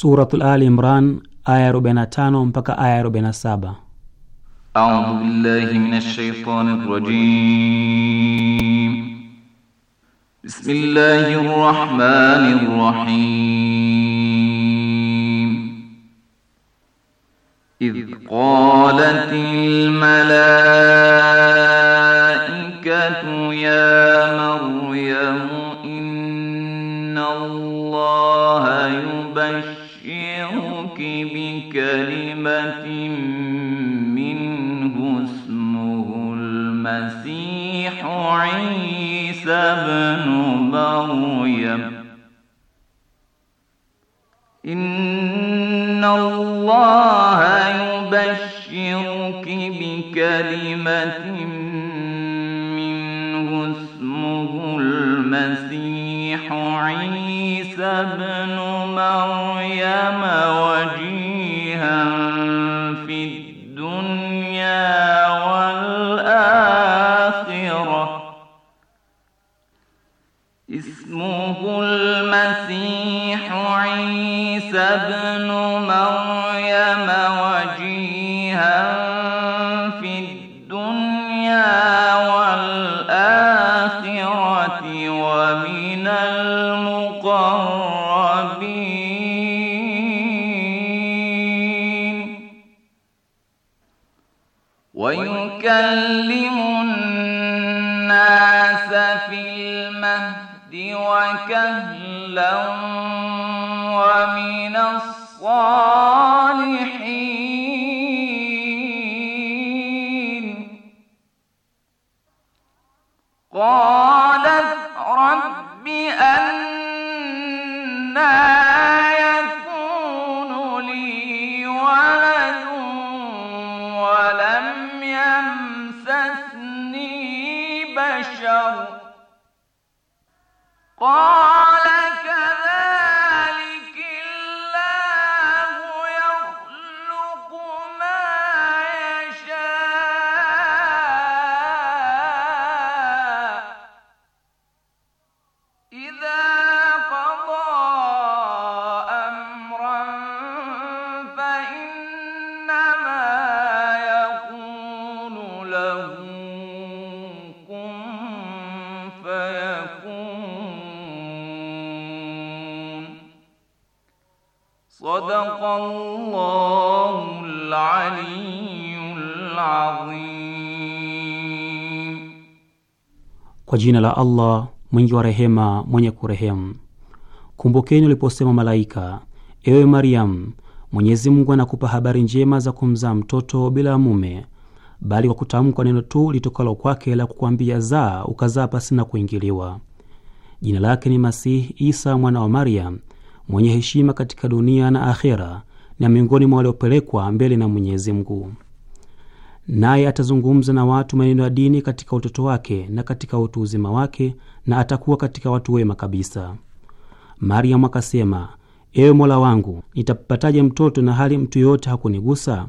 Suratul Ali Imran aya 45 mpaka aya 47. A'udhu billahi minash shaitanir rajim. Bismillahir rahmanir rahim. إذ قالت الملائكة يا مريم إن الله يبشر بكلمة منه اسمه المسيح عيسى بن مريم إن الله يبشرك بكلمة منه اسمه المسيح عيسى بن مريم 光。Kwa jina la Allah mwingi wa rehema, mwenye kurehemu. Kumbukeni uliposema malaika, ewe Mariam, Mwenyezi Mungu anakupa habari njema za kumzaa mtoto bila mume, bali kwa kutamkwa neno tu litokalo kwake la kukwambia zaa, ukazaa pasina kuingiliwa. Jina lake ni Masihi Isa mwana wa Maryam, mwenye heshima katika dunia na akhera, na miongoni mwa waliopelekwa mbele na Mwenyezi Mungu naye atazungumza na watu maneno ya dini katika utoto wake na katika utu uzima wake, na atakuwa katika watu wema kabisa. Maryamu akasema, ewe Mola wangu, nitapataje mtoto na hali mtu yoyote hakunigusa?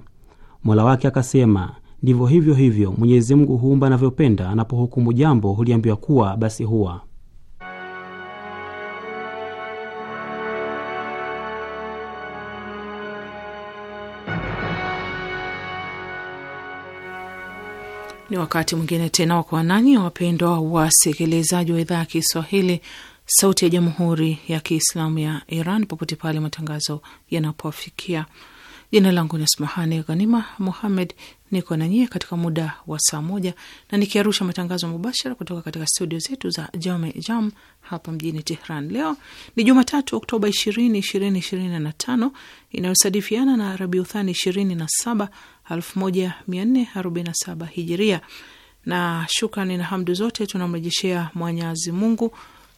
Mola wake akasema, ndivyo hivyo hivyo Mwenyezi Mungu huumba anavyopenda, anapohukumu jambo huliambiwa kuwa, basi huwa Ni wakati mwingine tena wa kuwa nanyi wapendwa wasikilizaji wa idhaa ya Kiswahili, Sauti ya Jamhuri ya Kiislamu ya Iran, popote pale matangazo yanapofikia. Jina langu ni Asmahani Ghanima Muhammed, niko nanyie katika muda wa saa moja na nikiarusha matangazo mubashara kutoka katika studio zetu za Jame Jam hapa mjini Tehran. Leo ni Jumatatu, Oktoba ishirini ishirini ishirini na tano inayosadifiana na Rabiuthani ishirini na saba 1447 hijiria. Na shukrani na hamdu zote tunamrejeshea Mwenyezi Mungu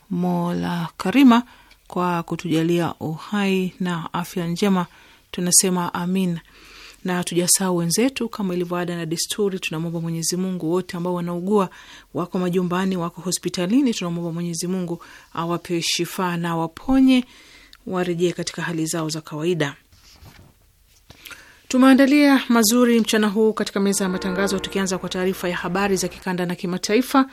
mola karima kwa kutujalia uhai na afya njema, tunasema amin. Na tujasahau wenzetu, kama ilivyo ada na desturi, tunamwomba Mwenyezi Mungu wote ambao wanaugua, wako majumbani, wako hospitalini, tunamwomba Mwenyezi Mungu awape shifaa na waponye, warejee katika hali zao za kawaida. Tumeandalia mazuri mchana huu katika meza ya matangazo, tukianza kwa taarifa ya habari za kikanda na kimataifa,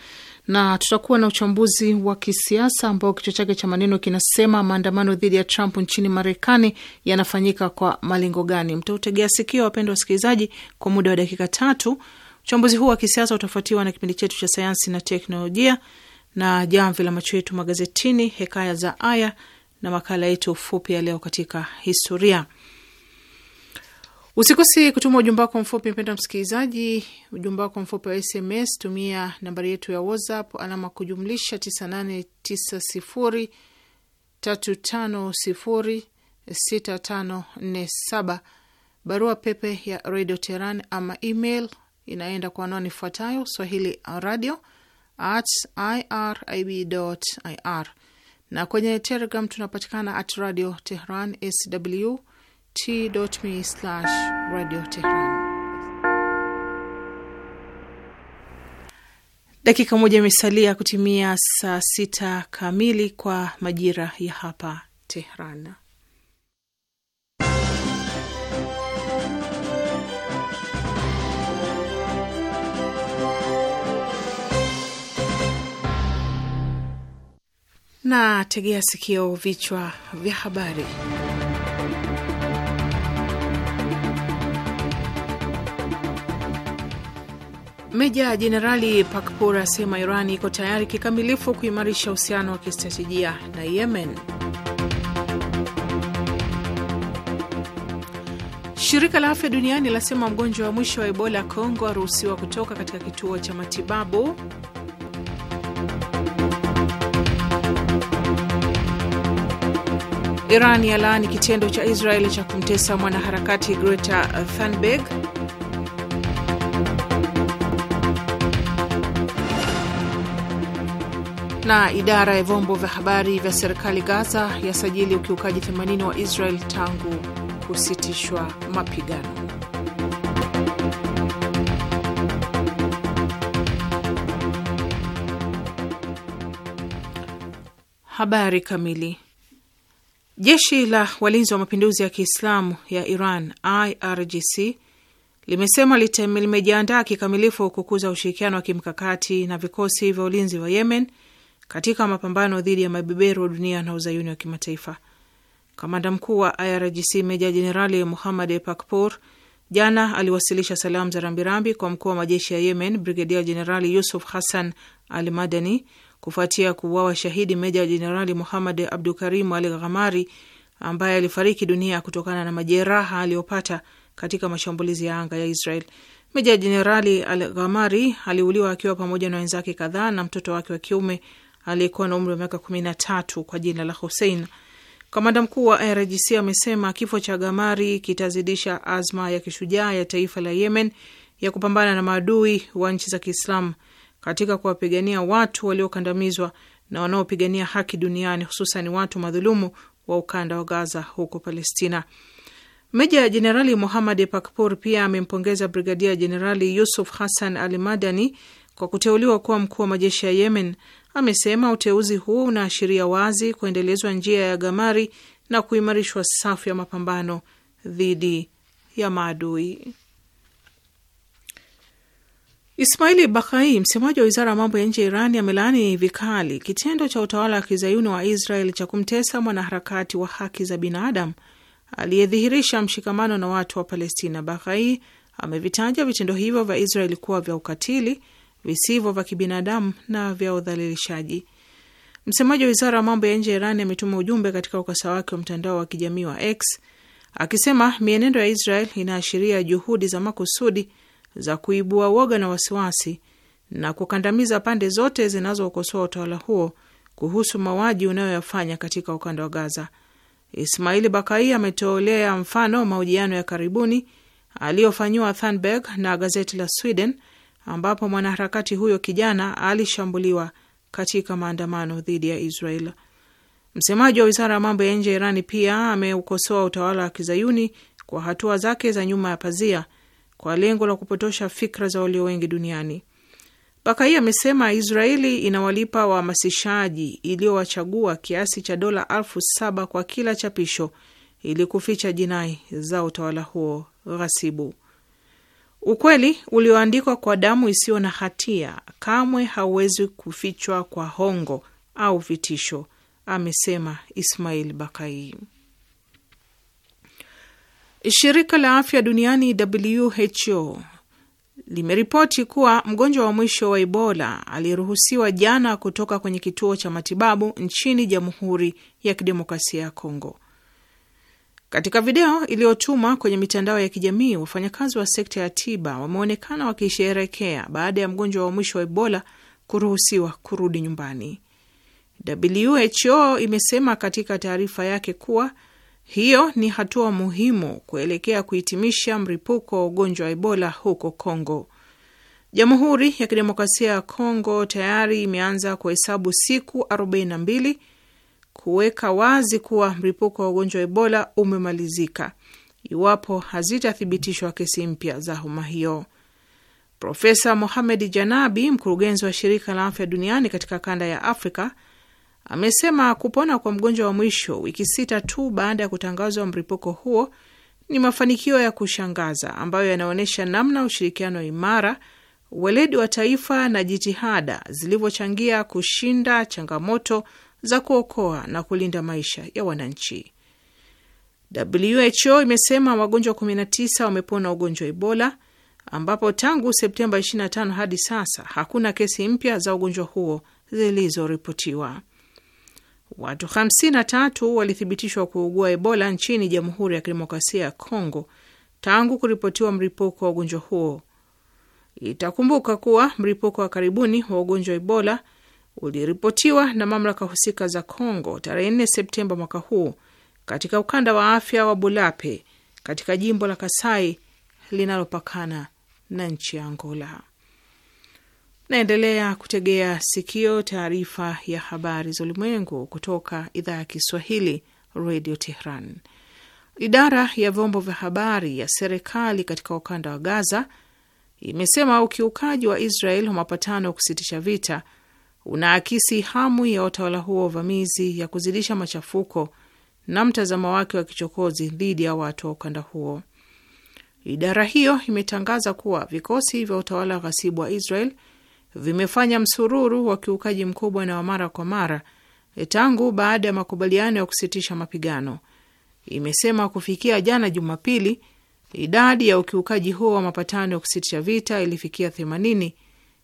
na tutakuwa na uchambuzi wa kisiasa ambao kichwa chake cha maneno kinasema maandamano dhidi ya Trump nchini Marekani yanafanyika kwa malengo gani? Mtautegea sikio, wapendwa wasikilizaji, kwa muda wa dakika tatu. Uchambuzi huu wa kisiasa utafuatiwa na kipindi chetu cha sayansi na teknolojia na jamvi la macho yetu magazetini, hekaya za aya na makala yetu fupi ya leo katika historia usikosi kutuma ujumbe wako mfupi, mpenda msikilizaji. Ujumbe wako mfupi wa SMS tumia nambari yetu ya WhatsApp alama kujumlisha 989035065487. Barua pepe ya Radio Teheran ama email inaenda kwa anwani ifuatayo swahili radio at ir na kwenye Telegram tunapatikana at Radio Tehran sw t.me slash radio Tehran. Dakika moja imesalia kutimia saa sita kamili kwa majira ya hapa Tehran. Na tegea sikio, vichwa vya habari. Meja Jenerali Pakpor asema Iran iko tayari kikamilifu kuimarisha uhusiano wa kistratejia na Yemen. Shirika la Afya Duniani lasema mgonjwa wa mwisho wa Ebola Kongo aruhusiwa kutoka katika kituo cha matibabu. Iran yalaani kitendo cha Israeli cha kumtesa mwanaharakati Greta Thunberg. Na idara ya vyombo vya habari vya serikali Gaza yasajili ukiukaji 80 wa Israel tangu kusitishwa mapigano. Habari kamili. Jeshi la walinzi wa mapinduzi ya Kiislamu ya Iran, IRGC, limesema limejiandaa kikamilifu kukuza ushirikiano wa kimkakati na vikosi vya ulinzi wa Yemen katika mapambano dhidi ya mabeberu wa dunia na uzayuni wa kimataifa. Kamanda mkuu wa IRGC Meja Jenerali Muhammad Pakpor jana aliwasilisha salamu za rambirambi kwa mkuu wa majeshi ya Yemen, Brigedia Jenerali Yusuf Hassan Al Madani, kufuatia kuuawa shahidi Meja Jenerali Muhammad Karim Al Ghamari ambaye alifariki dunia kutokana na majeraha aliyopata katika mashambulizi ya anga ya Israel. Meja Jenerali Al Ghamari aliuliwa akiwa pamoja na wenzake kadhaa na mtoto wake wa kiume aliyekuwa na umri wa miaka kumi na tatu kwa jina la Hussein. Kamanda mkuu wa IRGC amesema kifo cha Gamari kitazidisha azma ya kishujaa ya taifa la Yemen ya kupambana na maadui wa nchi za Kiislamu katika kuwapigania watu waliokandamizwa na wanaopigania haki duniani, hususan watu madhulumu wa ukanda wa Gaza huko Palestina. Meja Jenerali Muhamad Pakpor pia amempongeza Brigadia Jenerali Yusuf Hassan Al Madani kwa kuteuliwa kuwa mkuu wa majeshi ya Yemen amesema uteuzi huu unaashiria wazi kuendelezwa njia ya Gamari na kuimarishwa safu ya mapambano dhidi ya maadui. Ismaili Bakai, msemaji wa wizara ya mambo ya nje ya Irani, amelaani vikali kitendo cha utawala wa kizayuni wa Israel cha kumtesa mwanaharakati wa haki za binadamu aliyedhihirisha mshikamano na watu wa Palestina. Bakai amevitaja vitendo hivyo vya Israel kuwa vya ukatili visivyo vya kibinadamu na vya udhalilishaji. Msemaji wa wizara ya mambo ya nje ya Iran ametuma ujumbe katika ukasa wake wa mtandao wa kijamii wa X akisema mienendo ya Israel inaashiria juhudi za makusudi za kuibua woga na wasiwasi na kukandamiza pande zote zinazokosoa utawala huo kuhusu mauaji unayoyafanya katika ukanda wa Gaza. Ismaili Bakai ametolea mfano mahojiano ya karibuni aliyofanyiwa Thunberg na gazeti la Sweden ambapo mwanaharakati huyo kijana alishambuliwa katika maandamano dhidi ya Israel. Msemaji wa wizara ya mambo ya nje ya Irani pia ameukosoa utawala wa kizayuni kwa hatua zake za nyuma ya pazia kwa lengo la kupotosha fikra za walio wengi duniani. Bakai amesema Israeli inawalipa wahamasishaji iliyowachagua kiasi cha dola elfu saba kwa kila chapisho ili kuficha jinai za utawala huo ghasibu. Ukweli ulioandikwa kwa damu isiyo na hatia kamwe hauwezi kufichwa kwa hongo au vitisho, amesema Ismail Bakai. Shirika la afya duniani WHO limeripoti kuwa mgonjwa wa mwisho wa Ebola aliyeruhusiwa jana kutoka kwenye kituo cha matibabu nchini Jamhuri ya Kidemokrasia ya Kongo katika video iliyotumwa kwenye mitandao ya kijamii, wafanyakazi wa sekta ya tiba wameonekana wakisherekea baada ya mgonjwa wa mwisho wa Ebola kuruhusiwa kurudi nyumbani. WHO imesema katika taarifa yake kuwa hiyo ni hatua muhimu kuelekea kuhitimisha mripuko wa ugonjwa wa Ebola huko Kongo. Jamhuri ya Kidemokrasia ya Kongo tayari imeanza kuhesabu siku 42 kuweka wazi kuwa mlipuko wa ugonjwa wa Ebola umemalizika iwapo hazitathibitishwa kesi mpya za homa hiyo. Profesa Mohamed Janabi, mkurugenzi wa shirika la afya duniani katika kanda ya Afrika, amesema kupona kwa mgonjwa wa mwisho wiki sita tu baada ya kutangazwa mlipuko huo ni mafanikio ya kushangaza ambayo yanaonyesha namna ushirikiano imara, weledi wa taifa na jitihada zilivyochangia kushinda changamoto za kuokoa na kulinda maisha ya wananchi. WHO imesema wagonjwa 19 wamepona ugonjwa wa Ebola, ambapo tangu Septemba 25 hadi sasa hakuna kesi mpya za ugonjwa huo zilizoripotiwa. Watu 53 walithibitishwa kuugua Ebola nchini Jamhuri ya Kidemokrasia ya Kongo tangu kuripotiwa mlipuko wa ugonjwa huo. Itakumbuka kuwa mlipuko wa karibuni wa ugonjwa wa Ebola uliripotiwa na mamlaka husika za congo tarehe 4 Septemba mwaka huu katika ukanda wa afya wa Bulape katika jimbo la Kasai linalopakana na nchi ya Angola. Naendelea kutegea sikio taarifa ya habari za ulimwengu kutoka idhaa ya Kiswahili, Radio Tehran. Idara ya vyombo vya habari ya serikali katika ukanda wa Gaza imesema ukiukaji wa Israel wa mapatano ya kusitisha vita unaakisi hamu ya utawala huo wa uvamizi ya kuzidisha machafuko na mtazamo wake wa kichokozi dhidi ya watu wa ukanda huo. Idara hiyo imetangaza kuwa vikosi vya utawala ghasibu wa Israel vimefanya msururu wa kiukaji mkubwa na wa mara kwa mara tangu baada ya makubaliano ya kusitisha mapigano. Imesema kufikia jana Jumapili, idadi ya ukiukaji huo wa mapatano ya kusitisha vita ilifikia themanini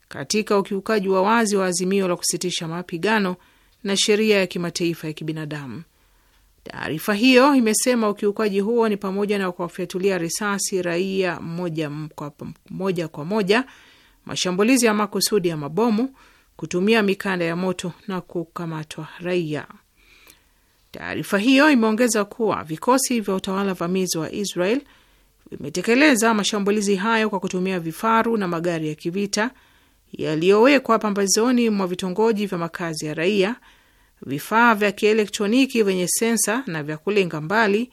katika ukiukaji wa wazi wa azimio la kusitisha mapigano na sheria ya kimataifa ya kibinadamu. Taarifa hiyo imesema ukiukaji huo ni pamoja na kuwafyatulia risasi raia moja kwa moja, kwa moja, mashambulizi ya makusudi ya mabomu, kutumia mikanda ya moto na kukamatwa raia. Taarifa hiyo imeongeza kuwa vikosi vya utawala vamizi wa Israel vimetekeleza mashambulizi hayo kwa kutumia vifaru na magari ya kivita yaliyowekwa pambazoni mwa vitongoji vya makazi ya raia, vifaa vya kielektroniki vyenye sensa na vya kulenga mbali,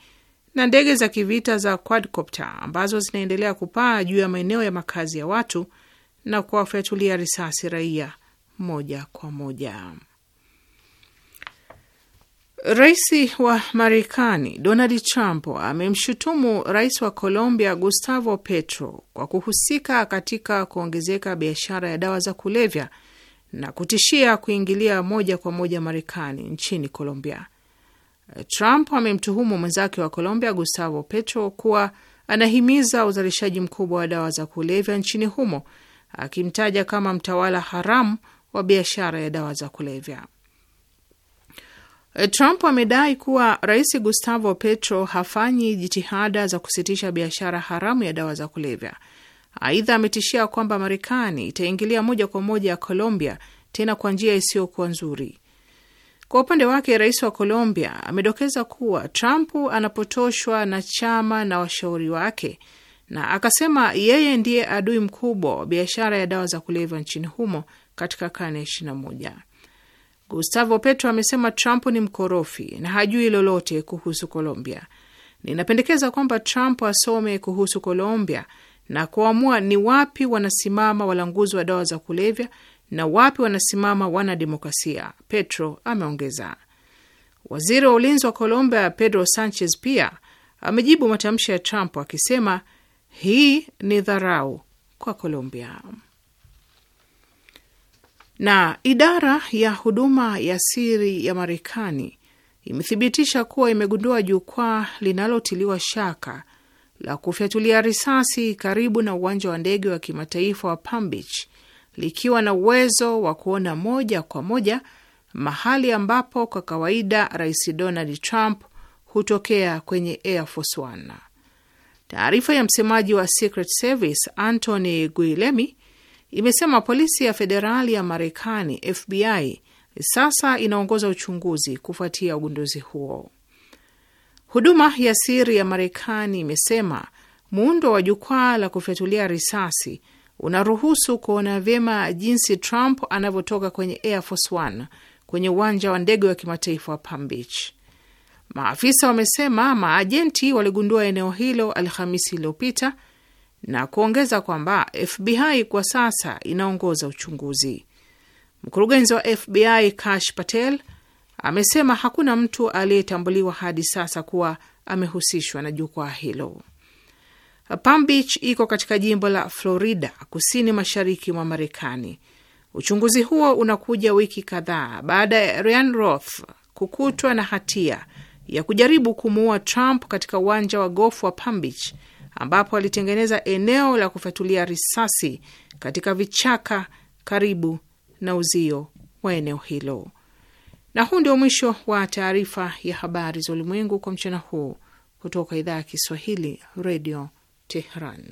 na ndege za kivita za quadcopter ambazo zinaendelea kupaa juu ya maeneo ya makazi ya watu na kuwafyatulia risasi raia moja kwa moja. Rais wa Marekani Donald Trump amemshutumu rais wa Colombia Gustavo Petro kwa kuhusika katika kuongezeka biashara ya dawa za kulevya na kutishia kuingilia moja kwa moja Marekani nchini Colombia. Trump amemtuhumu mwenzake wa Colombia Gustavo Petro kuwa anahimiza uzalishaji mkubwa wa dawa za kulevya nchini humo, akimtaja kama mtawala haramu wa biashara ya dawa za kulevya. Eh, Trump amedai kuwa Rais Gustavo Petro hafanyi jitihada za kusitisha biashara haramu ya dawa za kulevya. Aidha, ametishia kwamba Marekani itaingilia moja kwa moja ya Colombia, tena kwa njia isiyokuwa nzuri. Kwa upande wake, rais wa Colombia amedokeza kuwa Trump anapotoshwa na chama na washauri wake, na akasema yeye ndiye adui mkubwa wa biashara ya dawa za kulevya nchini humo katika karne ya 21. Gustavo Petro amesema Trump ni mkorofi na hajui lolote kuhusu Colombia. Ninapendekeza kwamba Trump asome kuhusu Colombia na kuamua ni wapi wanasimama walanguzi wa dawa za kulevya na wapi wanasimama wanademokrasia, Petro ameongeza. Waziri wa ulinzi wa Colombia Pedro Sanchez pia amejibu matamshi ya Trump akisema hii ni dharau kwa Colombia. Na idara ya huduma ya siri ya Marekani imethibitisha kuwa imegundua jukwaa linalotiliwa shaka la kufyatulia risasi karibu na uwanja wa ndege wa kimataifa wa Palm Beach likiwa na uwezo wa kuona moja kwa moja mahali ambapo kwa kawaida Rais Donald Trump hutokea kwenye Air Force One. Taarifa ya msemaji wa Secret Service Anthony Guilemi imesema polisi ya federali ya Marekani, FBI, sasa inaongoza uchunguzi kufuatia ugunduzi huo. Huduma ya siri ya Marekani imesema muundo wa jukwaa la kufyatulia risasi unaruhusu kuona vyema jinsi Trump anavyotoka kwenye Air Force One kwenye uwanja wa ndege wa kimataifa wa Palm Beach. Maafisa wamesema maajenti waligundua eneo hilo Alhamisi iliyopita na kuongeza kwamba FBI kwa sasa inaongoza uchunguzi. Mkurugenzi wa FBI Kash Patel amesema hakuna mtu aliyetambuliwa hadi sasa kuwa amehusishwa na jukwaa hilo. Palm Beach iko katika jimbo la Florida, kusini mashariki mwa Marekani. Uchunguzi huo unakuja wiki kadhaa baada ya Ryan Roth kukutwa na hatia ya kujaribu kumuua Trump katika uwanja wa gofu wa Palm Beach ambapo alitengeneza eneo la kufyatulia risasi katika vichaka karibu na uzio wa eneo hilo. Na huu ndio mwisho wa taarifa ya habari za ulimwengu kwa mchana huu kutoka idhaa ya Kiswahili, Radio Tehran.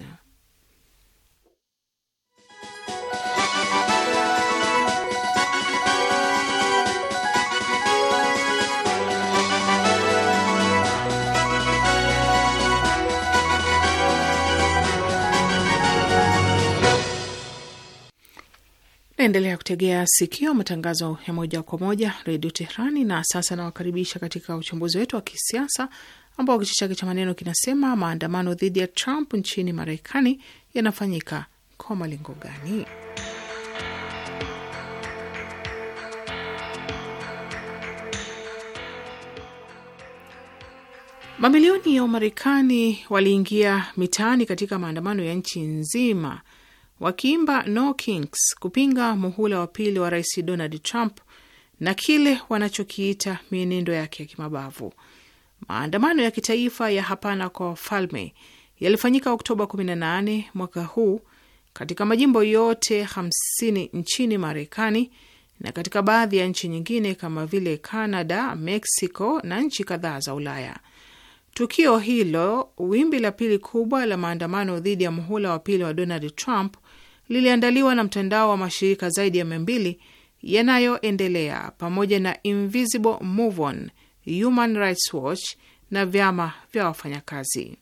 Naendelea kutegea sikio matangazo ya moja kwa moja redio Teherani. Na sasa nawakaribisha katika uchambuzi wetu wa kisiasa ambao kichwa chake cha maneno kinasema maandamano dhidi ya Trump nchini Marekani yanafanyika kwa malengo gani? Mamilioni ya Wamarekani waliingia mitaani katika maandamano ya nchi nzima wakiimba No Kings kupinga muhula wa pili wa Rais Donald Trump na kile wanachokiita mienendo yake ya kimabavu. Maandamano ya kitaifa ya hapana kwa wafalme yalifanyika Oktoba 18 mwaka huu katika majimbo yote 50 nchini Marekani na katika baadhi ya nchi nyingine kama vile Canada, Mexico na nchi kadhaa za Ulaya. Tukio hilo, wimbi la pili kubwa la maandamano dhidi ya muhula wa pili wa Donald Trump, liliandaliwa na mtandao wa mashirika zaidi ya mia mbili yanayoendelea pamoja na Invisible Move On, Human Rights Watch na vyama vya wafanyakazi.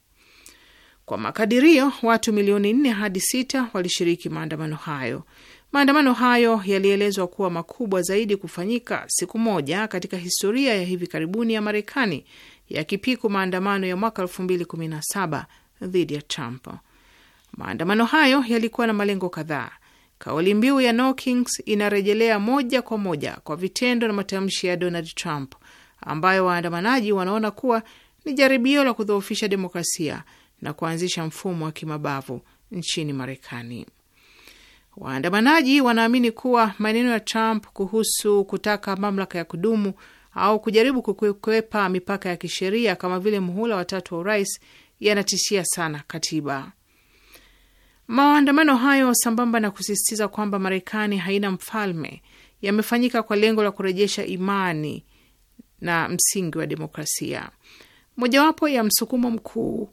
Kwa makadirio, watu milioni nne hadi sita walishiriki maandamano hayo. Maandamano hayo yalielezwa kuwa makubwa zaidi kufanyika siku moja katika historia ya hivi karibuni ya Marekani, yakipiku maandamano ya mwaka 2017 dhidi ya Trump. Maandamano hayo yalikuwa na malengo kadhaa. Kauli mbiu ya No Kings inarejelea moja kwa moja kwa vitendo na matamshi ya Donald Trump ambayo waandamanaji wanaona kuwa ni jaribio la kudhoofisha demokrasia na kuanzisha mfumo wa kimabavu nchini Marekani. Waandamanaji wanaamini kuwa maneno ya Trump kuhusu kutaka mamlaka ya kudumu au kujaribu kukwepa mipaka ya kisheria kama vile muhula watatu wa urais yanatishia sana katiba. Maandamano hayo sambamba na kusisitiza kwamba Marekani haina mfalme yamefanyika kwa lengo la kurejesha imani na msingi wa demokrasia. Mojawapo ya msukumo mkuu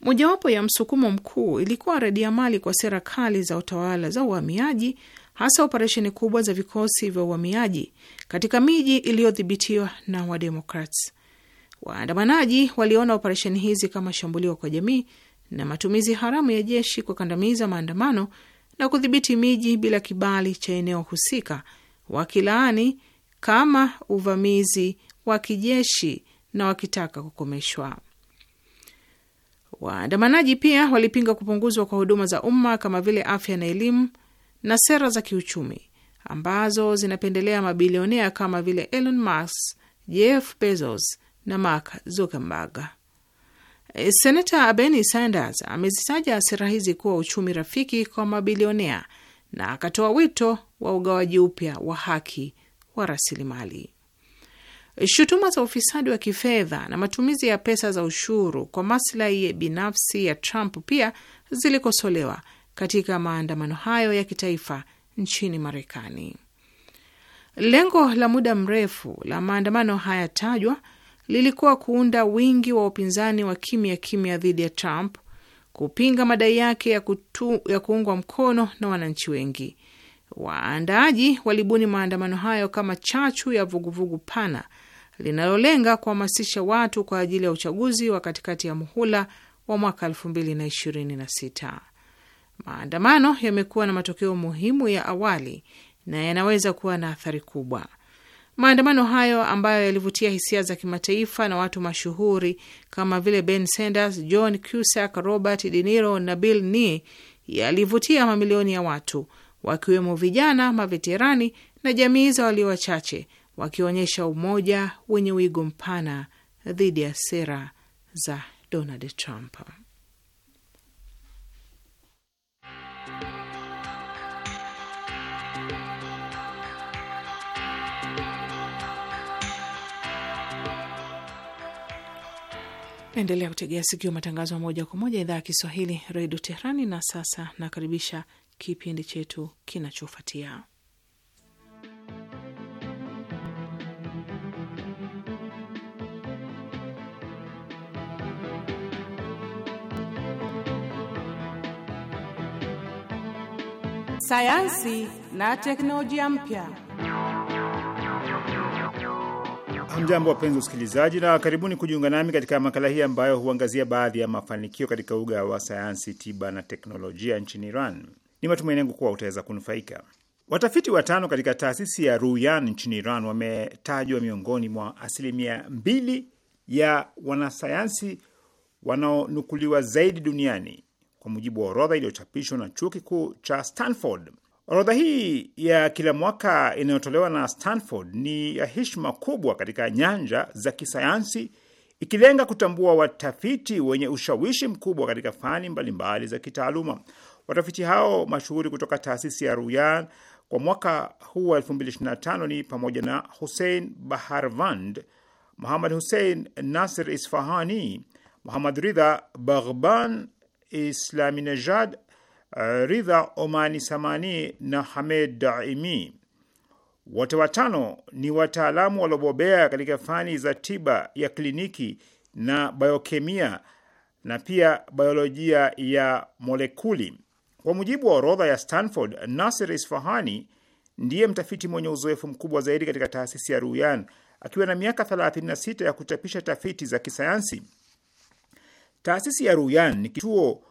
mojawapo ya msukumo mkuu ilikuwa mali kwa sera kali za utawala za uhamiaji, hasa operesheni kubwa za vikosi vya uhamiaji katika miji iliyodhibitiwa na Wademokrats. Waandamanaji waliona operesheni hizi kama shambulio kwa jamii na matumizi haramu ya jeshi kukandamiza maandamano na kudhibiti miji bila kibali cha eneo husika, wakilaani kama uvamizi wa kijeshi na wakitaka kukomeshwa. Waandamanaji pia walipinga kupunguzwa kwa huduma za umma kama vile afya na elimu na sera za kiuchumi ambazo zinapendelea mabilionea kama vile Elon Musk, Jeff Bezos na Mark Zuckerberg. E, Senata Bernie Sanders amezitaja sera hizi kuwa uchumi rafiki kwa mabilionea na akatoa wito wa ugawaji upya wa haki wa rasilimali. E, shutuma za ufisadi wa kifedha na matumizi ya pesa za ushuru kwa maslahi binafsi ya Trump pia zilikosolewa katika maandamano hayo ya kitaifa nchini Marekani. Lengo la muda mrefu la maandamano hayatajwa lilikuwa kuunda wingi wa upinzani wa kimya kimya dhidi ya Trump, kupinga madai yake ya, kutu, ya kuungwa mkono na wananchi wengi. Waandaaji walibuni maandamano hayo kama chachu ya vuguvugu pana linalolenga kuhamasisha watu kwa ajili ya uchaguzi wa katikati ya muhula wa mwaka 2026. Maandamano yamekuwa na matokeo muhimu ya awali na yanaweza kuwa na athari kubwa. Maandamano hayo ambayo yalivutia hisia za kimataifa na watu mashuhuri kama vile Ben Sanders, John Cusack, Robert De Niro na Bill Nye yalivutia mamilioni ya watu wakiwemo vijana, maveterani na jamii za walio wachache, wakionyesha umoja wenye wigo mpana dhidi ya sera za Donald Trump. Naendelea kutegea sikio matangazo moja kwa moja idhaa ya Kiswahili redio Teherani. Na sasa nakaribisha kipindi chetu kinachofuatia sayansi na teknolojia mpya. Hamjambo, wapenzi usikilizaji, na karibuni kujiunga nami katika makala hii ambayo huangazia baadhi ya mafanikio katika uga wa sayansi tiba na teknolojia nchini Iran. Ni matumaini yangu kuwa utaweza kunufaika. Watafiti watano katika taasisi ya Ruyan nchini Iran wametajwa miongoni mwa asilimia mbili ya wanasayansi wanaonukuliwa zaidi duniani kwa mujibu wa orodha iliyochapishwa na chuo kikuu cha Stanford. Orodha hii ya kila mwaka inayotolewa na Stanford ni ya heshima kubwa katika nyanja za kisayansi, ikilenga kutambua watafiti wenye ushawishi mkubwa katika fani mbalimbali za kitaaluma. Watafiti hao mashuhuri kutoka taasisi ya Ruyan kwa mwaka huu wa 2025 ni pamoja na Hussein Baharvand, Muhammad Hussein Nasir Isfahani, Muhammad Ridha Baghban Islaminejad Eh, Ridha Omani Samani na Hamed Daimi. Wote watano ni wataalamu waliobobea katika fani za tiba ya kliniki na biokemia na pia biolojia ya molekuli. Kwa mujibu wa orodha ya Stanford, Nasir Isfahani ndiye mtafiti mwenye uzoefu mkubwa zaidi katika taasisi ya Ruyan akiwa na miaka 36 ya kuchapisha tafiti za kisayansi. Taasisi ya Ruyan ni kituo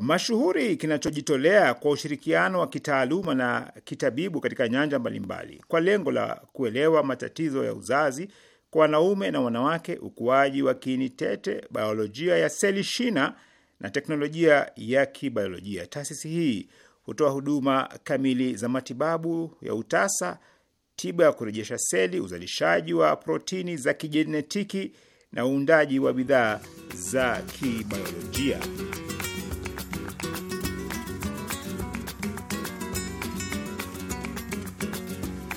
mashuhuri kinachojitolea kwa ushirikiano wa kitaaluma na kitabibu katika nyanja mbalimbali kwa lengo la kuelewa matatizo ya uzazi kwa wanaume na wanawake, ukuaji wa kiini tete, biolojia ya seli shina na teknolojia ya kibiolojia. Taasisi hii hutoa huduma kamili za matibabu ya utasa, tiba ya kurejesha seli, uzalishaji wa protini za kijenetiki na uundaji wa bidhaa za kibiolojia.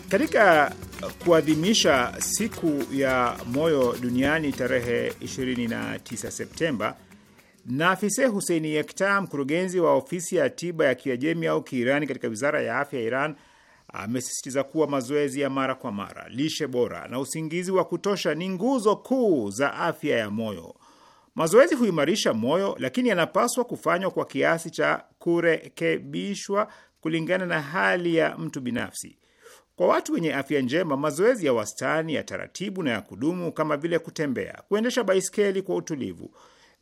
Katika kuadhimisha siku ya moyo duniani tarehe 29 Septemba, Nafise Huseini Yekta, mkurugenzi wa ofisi ya tiba ya Kiajemi au Kiirani katika wizara ya afya ya Iran, amesisitiza kuwa mazoezi ya mara kwa mara, lishe bora na usingizi wa kutosha ni nguzo kuu za afya ya moyo. Mazoezi huimarisha moyo, lakini yanapaswa kufanywa kwa kiasi cha kurekebishwa kulingana na hali ya mtu binafsi. Kwa watu wenye afya njema, mazoezi ya wastani ya taratibu na ya kudumu kama vile kutembea, kuendesha baiskeli kwa utulivu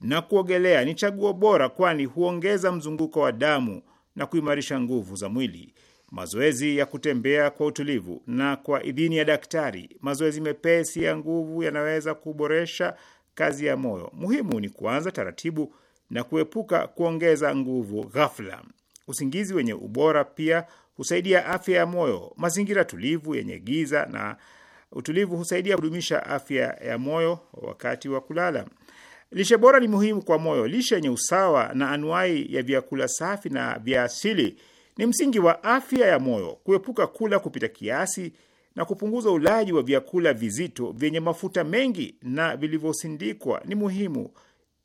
na kuogelea ni chaguo bora, kwani huongeza mzunguko wa damu na kuimarisha nguvu za mwili. Mazoezi ya kutembea kwa utulivu na kwa idhini ya daktari, mazoezi mepesi ya nguvu yanaweza kuboresha kazi ya moyo. Muhimu ni kuanza taratibu na kuepuka kuongeza nguvu ghafla. Usingizi wenye ubora pia husaidia afya ya moyo. Mazingira tulivu yenye giza na utulivu husaidia kudumisha afya ya moyo wakati wa kulala. Lishe bora ni muhimu kwa moyo. Lishe yenye usawa na anuai ya vyakula safi na vya asili ni msingi wa afya ya moyo. Kuepuka kula kupita kiasi na kupunguza ulaji wa vyakula vizito vyenye mafuta mengi na vilivyosindikwa ni muhimu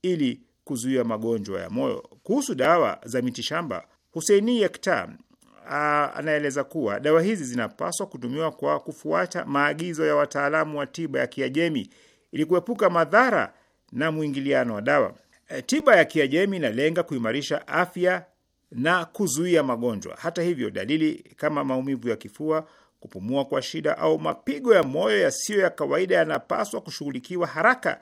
ili kuzuia magonjwa ya moyo. Kuhusu dawa za mitishamba, Huseini Yekta, anaeleza kuwa dawa hizi zinapaswa kutumiwa kwa kufuata maagizo ya wataalamu wa tiba ya Kiajemi ili kuepuka madhara na mwingiliano wa dawa. E, tiba ya Kiajemi inalenga kuimarisha afya na kuzuia magonjwa. Hata hivyo, dalili kama maumivu ya kifua, kupumua kwa shida au mapigo ya moyo yasiyo ya kawaida yanapaswa kushughulikiwa haraka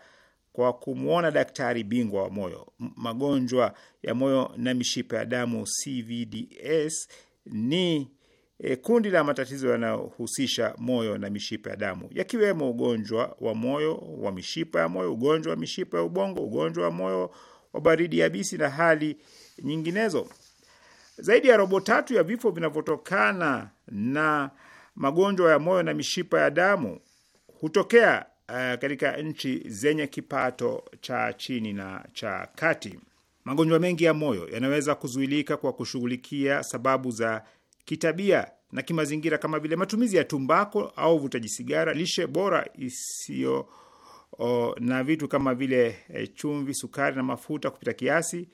kwa kumwona daktari bingwa wa moyo. Magonjwa ya moyo na mishipa ya damu CVDs ni e, kundi la matatizo yanayohusisha moyo na mishipa ya damu yakiwemo ugonjwa wa moyo wa mishipa ya moyo, ugonjwa wa mishipa ya ubongo, ugonjwa wa moyo wa baridi yabisi na hali nyinginezo. Zaidi ya robo tatu ya vifo vinavyotokana na magonjwa ya moyo na mishipa ya damu hutokea uh, katika nchi zenye kipato cha chini na cha kati. Magonjwa mengi ya moyo yanaweza kuzuilika kwa kushughulikia sababu za kitabia na kimazingira kama vile matumizi ya tumbako au vutaji sigara, lishe bora isiyo na vitu kama vile eh, chumvi, sukari na mafuta kupita kiasi,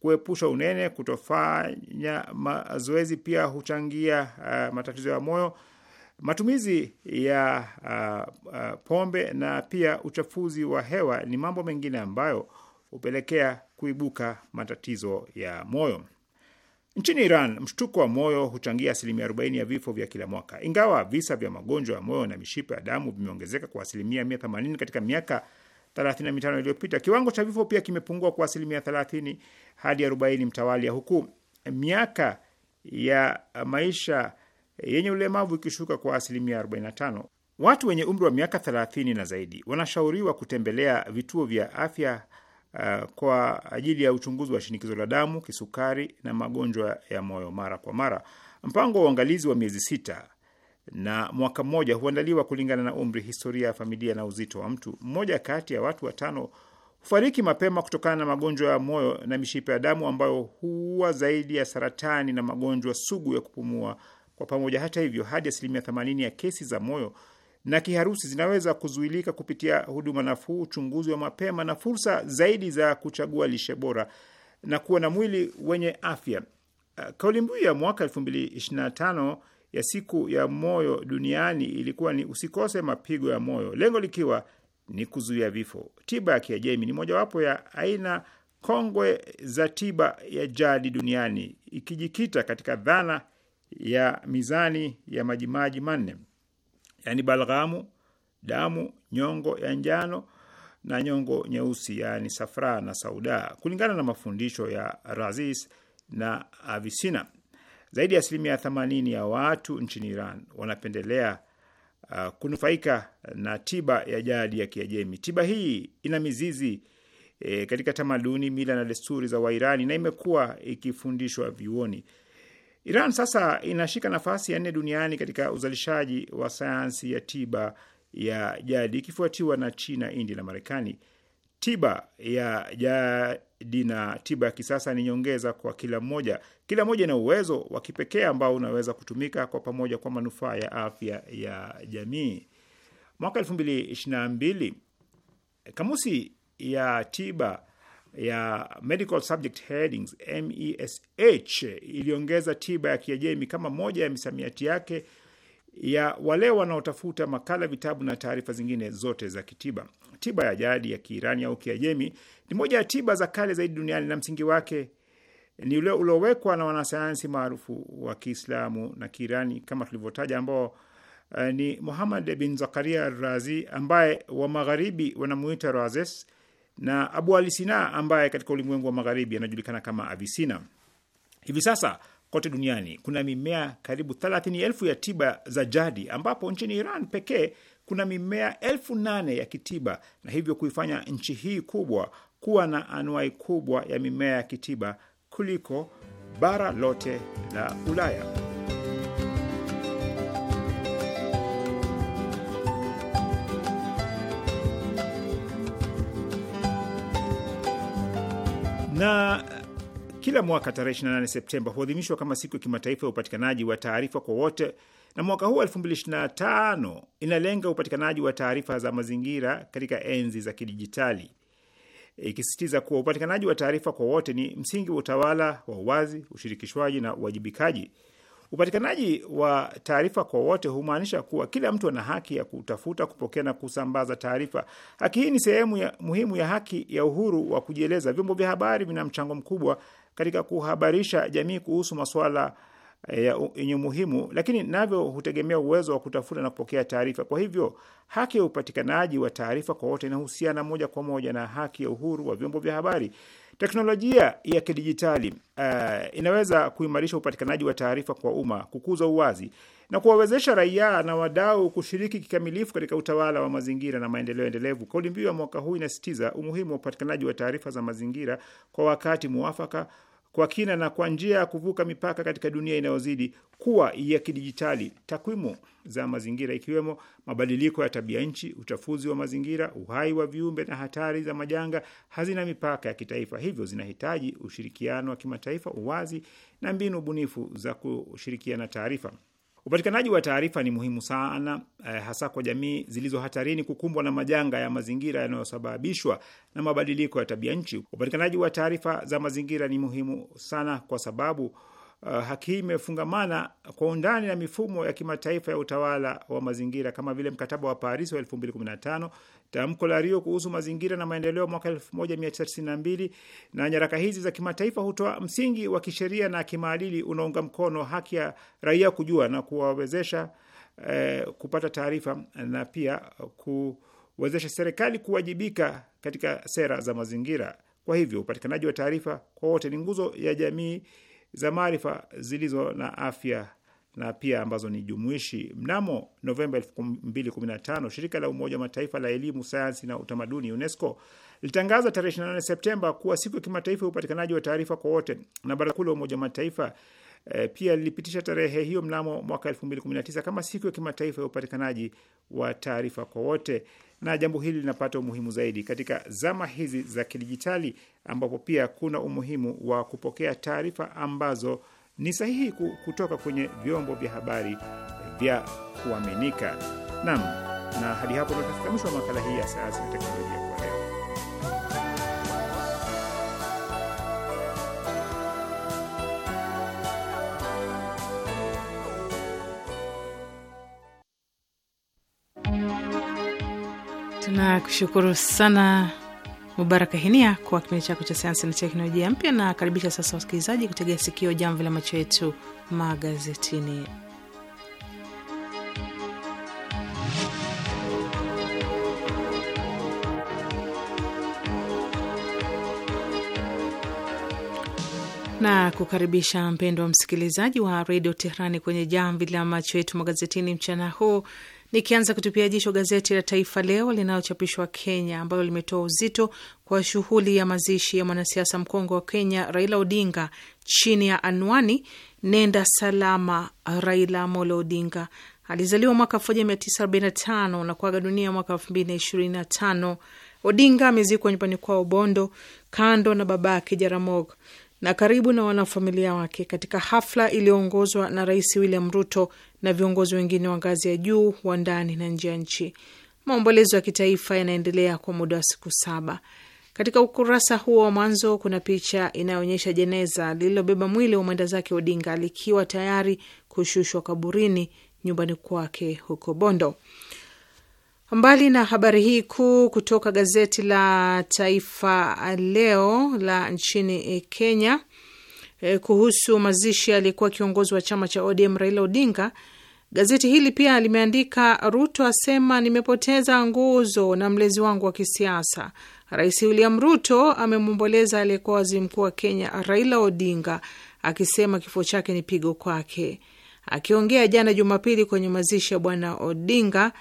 kuepusha unene, kutofanya mazoezi pia huchangia uh, matatizo ya moyo, matumizi ya uh, uh, pombe na pia uchafuzi wa hewa ni mambo mengine ambayo hupelekea kuibuka matatizo ya moyo. Nchini Iran, mshtuko wa moyo huchangia asilimia 40 ya vifo vya kila mwaka. Ingawa visa vya magonjwa ya moyo na mishipa ya damu vimeongezeka kwa asilimia 180 katika miaka 35 iliyopita, kiwango cha vifo pia kimepungua kwa asilimia 30 hadi 40 mtawalia, huku miaka ya maisha yenye ulemavu ikishuka kwa asilimia 45. Watu wenye umri wa miaka 30 na zaidi wanashauriwa kutembelea vituo vya afya uh, kwa ajili ya uchunguzi wa shinikizo la damu, kisukari na magonjwa ya moyo mara kwa mara. Mpango wa uangalizi wa miezi sita na mwaka mmoja huandaliwa kulingana na umri, historia ya familia na uzito wa mtu. Mmoja kati ya watu watano hufariki mapema kutokana na magonjwa ya moyo na mishipa ya damu ambayo huwa zaidi ya saratani na magonjwa sugu ya kupumua kwa pamoja. Hata hivyo, hadi asilimia 80 ya kesi za moyo na kiharusi zinaweza kuzuilika kupitia huduma nafuu, uchunguzi wa mapema na fursa zaidi za kuchagua lishe bora na kuwa na mwili wenye afya. Uh, kauli mbiu ya mwaka 2025 ya siku ya moyo duniani ilikuwa ni usikose mapigo ya moyo, lengo likiwa ni kuzuia vifo. Tiba ya Kiajemi ni mojawapo ya aina kongwe za tiba ya jadi duniani, ikijikita katika dhana ya mizani ya majimaji manne yani balghamu, damu, nyongo ya njano na nyongo nyeusi yani safra na sauda, kulingana na mafundisho ya Razis na Avicina. Zaidi ya asilimia themanini ya watu nchini Iran wanapendelea uh, kunufaika na tiba ya jadi ya Kiajemi. Tiba hii ina mizizi e, katika tamaduni, mila na desturi za Wairani na imekuwa ikifundishwa vyuoni. Iran sasa inashika nafasi ya nne duniani katika uzalishaji wa sayansi ya tiba ya jadi ikifuatiwa na China, India na Marekani. Tiba ya jadi na tiba ya kisasa ni nyongeza kwa kila mmoja. Kila mmoja ina uwezo wa kipekee ambao unaweza kutumika kwa pamoja kwa manufaa ya afya ya jamii. Mwaka elfu mbili ishirini na mbili kamusi ya tiba ya Medical Subject Headings MESH iliongeza tiba ya Kiajemi kama moja ya misamiati yake ya wale wanaotafuta makala, vitabu na taarifa zingine zote za kitiba. Tiba ya jadi ya Kiirani au Kiajemi ni moja ya tiba za kale zaidi duniani na msingi wake ni ule uliowekwa na wanasayansi maarufu wa Kiislamu na Kiirani kama tulivyotaja, ambao uh, ni Muhammad bin Zakaria Razi ambaye wa magharibi wanamuita Razes na Abu Alisina ambaye katika ulimwengu wa magharibi anajulikana kama avisina Hivi sasa kote duniani kuna mimea karibu thelathini elfu ya tiba za jadi ambapo nchini Iran pekee kuna mimea elfu nane ya kitiba na hivyo kuifanya nchi hii kubwa kuwa na anuai kubwa ya mimea ya kitiba kuliko bara lote la Ulaya. na eh, kila mwaka tarehe 28 Septemba huadhimishwa kama siku ya kimataifa ya upatikanaji wa taarifa kwa wote, na mwaka huu 2025 inalenga upatikanaji wa taarifa za mazingira katika enzi za kidijitali, ikisisitiza kuwa upatikanaji wa taarifa kwa wote ni msingi wa utawala wa uwazi, ushirikishwaji na uwajibikaji. Upatikanaji wa taarifa kwa wote humaanisha kuwa kila mtu ana haki ya kutafuta, kupokea na kusambaza taarifa. Haki hii ni sehemu ya, muhimu ya haki ya uhuru wa kujieleza. Vyombo vya habari vina mchango mkubwa katika kuhabarisha jamii kuhusu masuala eh, yenye umuhimu, lakini navyo hutegemea uwezo wa kutafuta na kupokea taarifa. Kwa hivyo, haki ya upatikanaji wa taarifa kwa wote inahusiana moja kwa moja na haki ya uhuru wa vyombo vya habari. Teknolojia ya kidijitali uh, inaweza kuimarisha upatikanaji wa taarifa kwa umma, kukuza uwazi na kuwawezesha raia na wadau kushiriki kikamilifu katika utawala wa mazingira na maendeleo endelevu. Kauli mbiu ya mwaka huu inasisitiza umuhimu wa upatikanaji wa taarifa za mazingira kwa wakati mwafaka kwa kina na kwa njia ya kuvuka mipaka katika dunia inayozidi kuwa ya kidijitali. Takwimu za mazingira ikiwemo mabadiliko ya tabia nchi, uchafuzi wa mazingira, uhai wa viumbe na hatari za majanga hazina mipaka ya kitaifa, hivyo zinahitaji ushirikiano wa kimataifa, uwazi na mbinu bunifu za kushirikiana taarifa. Upatikanaji wa taarifa ni muhimu sana eh, hasa kwa jamii zilizo hatarini kukumbwa na majanga ya mazingira yanayosababishwa na mabadiliko ya tabia nchi. Upatikanaji wa taarifa za mazingira ni muhimu sana kwa sababu uh, haki hii imefungamana kwa undani na mifumo ya kimataifa ya utawala wa mazingira kama vile mkataba wa Paris wa 2015, tamko la Rio kuhusu mazingira na maendeleo mwaka 1992, na nyaraka hizi za kimataifa hutoa msingi wa kisheria na kimaadili unaunga mkono haki ya raia kujua na kuwawezesha eh, kupata taarifa na pia kuwezesha serikali kuwajibika katika sera za mazingira. Kwa hivyo upatikanaji wa taarifa kwa wote ni nguzo ya jamii za maarifa zilizo na afya na pia ambazo ni jumuishi. Mnamo Novemba 2015 shirika la Umoja wa Mataifa la elimu, sayansi na utamaduni UNESCO litangaza tarehe 28 Septemba kuwa siku ya kimataifa ya upatikanaji wa taarifa kwa wote, na Baraza Kuu la Umoja wa Mataifa e, pia lilipitisha tarehe hiyo mnamo mwaka 2019 kama siku ya kimataifa ya upatikanaji wa taarifa kwa wote na jambo hili linapata umuhimu zaidi katika zama hizi za kidijitali, ambapo pia kuna umuhimu wa kupokea taarifa ambazo ni sahihi kutoka kwenye vyombo vya habari vya kuaminika. Naam, na hadi hapo mwisho wa makala hii ya sayansi na teknolojia. na kushukuru sana Mubaraka Hinia kwa kipindi chako cha sayansi na teknolojia mpya. Na karibisha sasa wasikilizaji kutegea sikio jamvi la macho yetu magazetini. na kukaribisha mpendo wa msikilizaji wa redio Tehrani kwenye jamvi la macho yetu magazetini mchana huu Nikianza kutupia jicho gazeti la Taifa Leo linalochapishwa Kenya, ambalo limetoa uzito kwa shughuli ya mazishi ya mwanasiasa mkongwe wa Kenya Raila Odinga chini ya anwani nenda salama Raila molo Odinga. Alizaliwa mwaka 1945 na kuaga dunia mwaka 2025. Odinga amezikwa nyumbani kwao Bondo, kando na babake Jaramog na karibu na wanafamilia wake katika hafla iliyoongozwa na Rais William Ruto na viongozi wengine wa ngazi ya juu wa ndani na nje ya nchi. Maombolezo ya kitaifa yanaendelea kwa muda wa siku saba. Katika ukurasa huo wa mwanzo kuna picha inayoonyesha jeneza lililobeba mwili wa mwenda zake Odinga likiwa tayari kushushwa kaburini nyumbani kwake huko Bondo. Mbali na habari hii kuu kutoka gazeti la Taifa Leo la nchini Kenya, eh, kuhusu mazishi aliyekuwa kiongozi wa chama cha ODM Raila Odinga. Gazeti hili pia limeandika, Ruto asema nimepoteza nguzo na mlezi wangu wa kisiasa. Rais William Ruto amemwomboleza aliyekuwa waziri mkuu wa Kenya Raila Odinga akisema kifo chake ni pigo kwake. Akiongea jana Jumapili kwenye mazishi ya bwana Odinga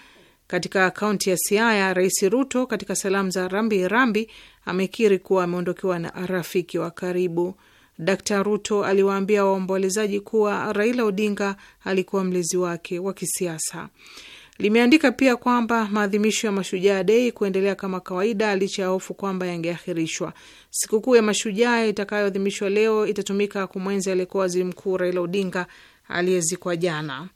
katika kaunti ya Siaya, Rais Ruto katika salamu za rambi rambi amekiri kuwa ameondokewa na rafiki wa karibu. Dkt Ruto aliwaambia waombolezaji kuwa Raila Odinga alikuwa mlezi wake wa kisiasa. Limeandika pia kwamba maadhimisho ya Mashujaa Dei kuendelea kama kawaida licha ya hofu kwamba yangeahirishwa. Sikukuu ya Mashujaa itakayoadhimishwa leo itatumika kumwenzi aliyekuwa waziri mkuu Raila Odinga aliyezikwa jana.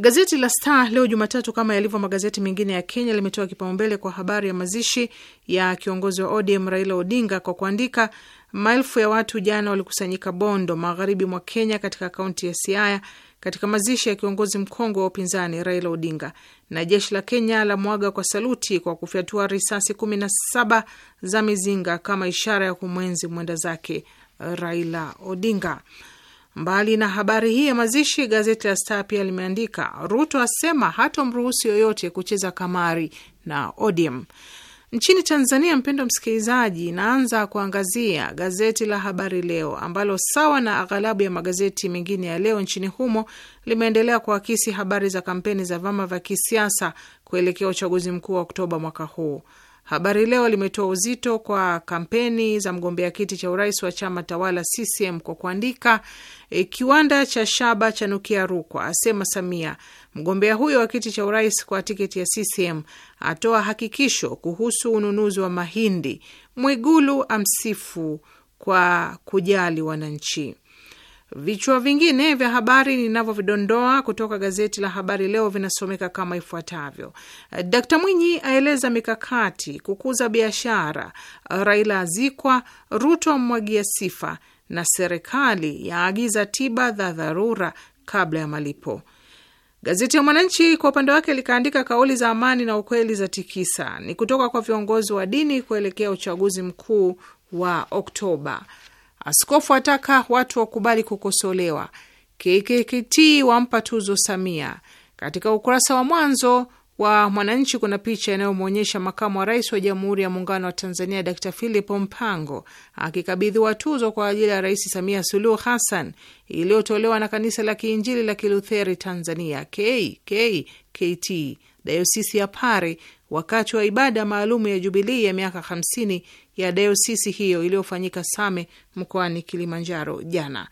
Gazeti la Star leo Jumatatu, kama yalivyo magazeti mengine ya Kenya, limetoa kipaumbele kwa habari ya mazishi ya kiongozi wa ODM Raila Odinga kwa kuandika Maelfu ya watu jana walikusanyika Bondo, magharibi mwa Kenya, katika kaunti ya Siaya, katika mazishi ya kiongozi mkongwe wa upinzani Raila Odinga, na jeshi la Kenya la mwaga kwa saluti kwa kufyatua risasi kumi na saba za mizinga kama ishara ya kumwenzi mwenda zake Raila Odinga. Mbali na habari hii ya mazishi, gazeti la Star pia limeandika Ruto asema hatomruhusu yoyote kucheza kamari na ODM. Nchini Tanzania, mpendo msikilizaji, naanza kuangazia gazeti la Habari Leo ambalo sawa na aghalabu ya magazeti mengine ya leo nchini humo limeendelea kuakisi habari za kampeni za vyama vya kisiasa kuelekea uchaguzi mkuu wa Oktoba mwaka huu. Habari Leo limetoa uzito kwa kampeni za mgombea kiti cha urais wa chama tawala CCM kwa kuandika e, kiwanda cha shaba cha nukia Rukwa, asema Samia Mgombea huyo wa kiti cha urais kwa tiketi ya CCM atoa hakikisho kuhusu ununuzi wa mahindi. Mwigulu amsifu kwa kujali wananchi. Vichwa vingine vya habari ninavyovidondoa kutoka gazeti la Habari Leo vinasomeka kama ifuatavyo: Dkt Mwinyi aeleza mikakati kukuza biashara, Raila azikwa, Ruto amwagia sifa, na serikali yaagiza tiba za dharura kabla ya malipo. Gazeti ya Mwananchi kwa upande wake likaandika kauli za amani na ukweli za tikisa ni kutoka kwa viongozi wa dini kuelekea uchaguzi mkuu wa Oktoba. Askofu ataka watu wakubali kukosolewa. KKKT wampa tuzo Samia. Katika ukurasa wa mwanzo wa Mwananchi kuna picha inayomwonyesha makamu wa rais wa Jamhuri ya Muungano wa Tanzania Dr Philip Mpango akikabidhiwa tuzo kwa ajili ya Rais Samia Suluhu Hassan iliyotolewa na Kanisa la Kiinjili la Kilutheri Tanzania KKKT dayosisi ya Pare wakati wa ibada maalumu ya Jubilii ya miaka 50 ya dayosisi hiyo iliyofanyika Same mkoani Kilimanjaro jana.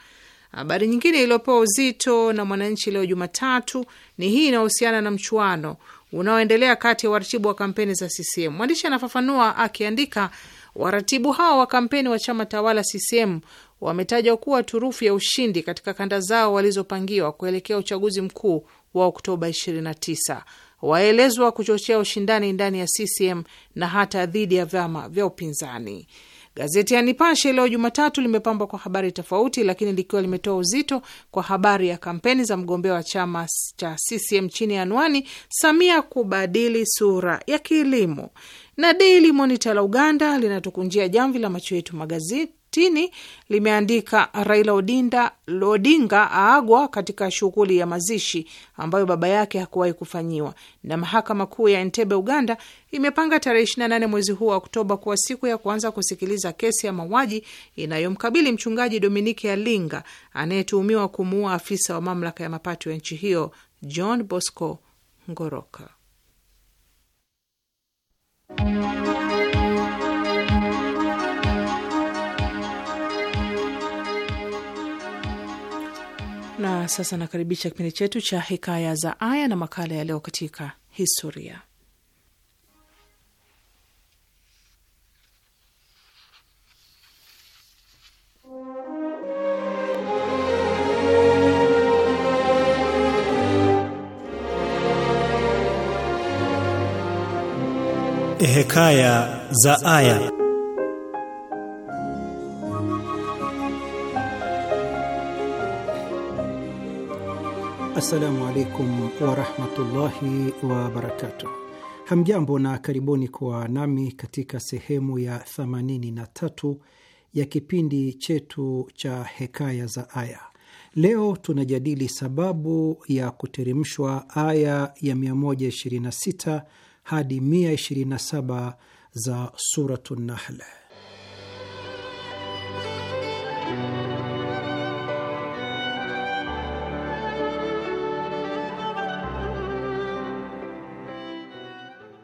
Habari nyingine iliyopewa uzito na Mwananchi leo Jumatatu ni hii inayohusiana na mchuano unaoendelea kati ya waratibu wa kampeni za CCM. Mwandishi anafafanua akiandika, waratibu hao wa kampeni wa chama tawala CCM wametajwa kuwa turufu ya ushindi katika kanda zao walizopangiwa kuelekea uchaguzi mkuu wa Oktoba 29. Waelezwa kuchochea ushindani ndani ya CCM na hata dhidi ya vyama vya upinzani. Gazeti ya Nipashe leo Jumatatu limepambwa kwa habari tofauti, lakini likiwa limetoa uzito kwa habari ya kampeni za mgombea wa chama cha CCM chini ya anwani Samia kubadili sura ya kilimo, na Daily Monitor la Uganda linatukunjia jamvi la macho yetu magazeti sitini limeandika Raila Odinda Odinga aagwa katika shughuli ya mazishi ambayo baba yake hakuwahi kufanyiwa. Na mahakama kuu ya Entebe Uganda, imepanga tarehe 28 mwezi huu wa Oktoba kuwa siku ya kuanza kusikiliza kesi ya mauaji inayomkabili mchungaji Dominike Alinga anayetuhumiwa kumuua afisa wa mamlaka ya mapato ya nchi hiyo John Bosco Ngoroka. Na sasa nakaribisha kipindi chetu cha Hikaya za Aya na makala ya Leo katika Historia. Hekaya za Aya. Assalamu alaikum warahmatullahi wabarakatu Hamjambo na karibuni kwa nami katika sehemu ya 83 ya kipindi chetu cha Hekaya za Aya. Leo tunajadili sababu ya kuteremshwa aya ya 126 hadi 127 za Suratu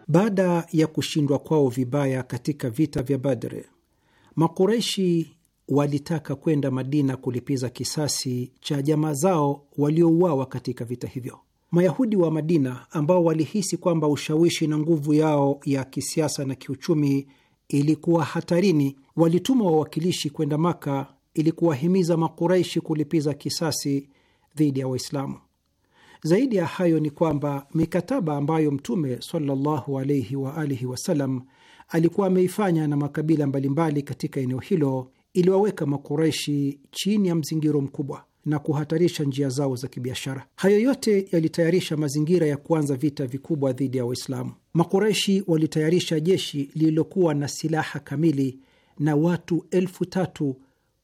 Baada ya kushindwa kwao vibaya katika vita vya Badre, makuraishi walitaka kwenda Madina kulipiza kisasi cha jamaa zao waliouawa katika vita hivyo. Mayahudi wa Madina ambao walihisi kwamba ushawishi na nguvu yao ya kisiasa na kiuchumi ilikuwa hatarini, walituma wawakilishi kwenda Maka ili kuwahimiza Makuraishi kulipiza kisasi dhidi ya Waislamu. Zaidi ya hayo ni kwamba mikataba ambayo Mtume sallallahu alaihi wa alihi wasallam alikuwa ameifanya na makabila mbalimbali katika eneo hilo iliwaweka Makureshi chini ya mzingiro mkubwa na kuhatarisha njia zao za kibiashara. Hayo yote yalitayarisha mazingira ya kuanza vita vikubwa dhidi ya Waislamu. Makureshi walitayarisha jeshi lililokuwa na silaha kamili na watu elfu tatu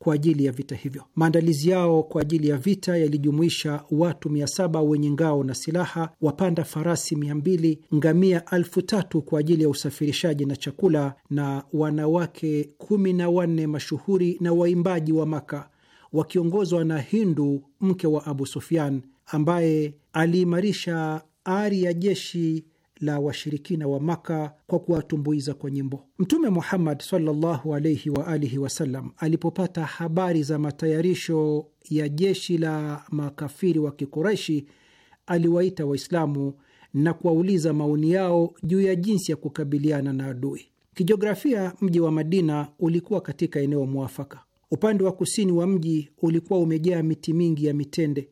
kwa ajili ya vita hivyo. Maandalizi yao kwa ajili ya vita yalijumuisha watu mia saba wenye ngao na silaha, wapanda farasi mia mbili, ngamia elfu tatu kwa ajili ya usafirishaji na chakula, na wanawake kumi na wanne mashuhuri na waimbaji wa Maka wakiongozwa na Hindu mke wa Abu Sufyan ambaye aliimarisha ari ya jeshi la washirikina wa Maka kwa kuwatumbuiza kwa nyimbo. Mtume Muhammad sallallahu alaihi wa alihi wasallam alipopata habari za matayarisho ya jeshi la makafiri wa Kikureshi, aliwaita Waislamu na kuwauliza maoni yao juu ya jinsi ya kukabiliana na adui. Kijiografia, mji wa Madina ulikuwa katika eneo mwafaka. Upande wa kusini wa mji ulikuwa umejaa miti mingi ya mitende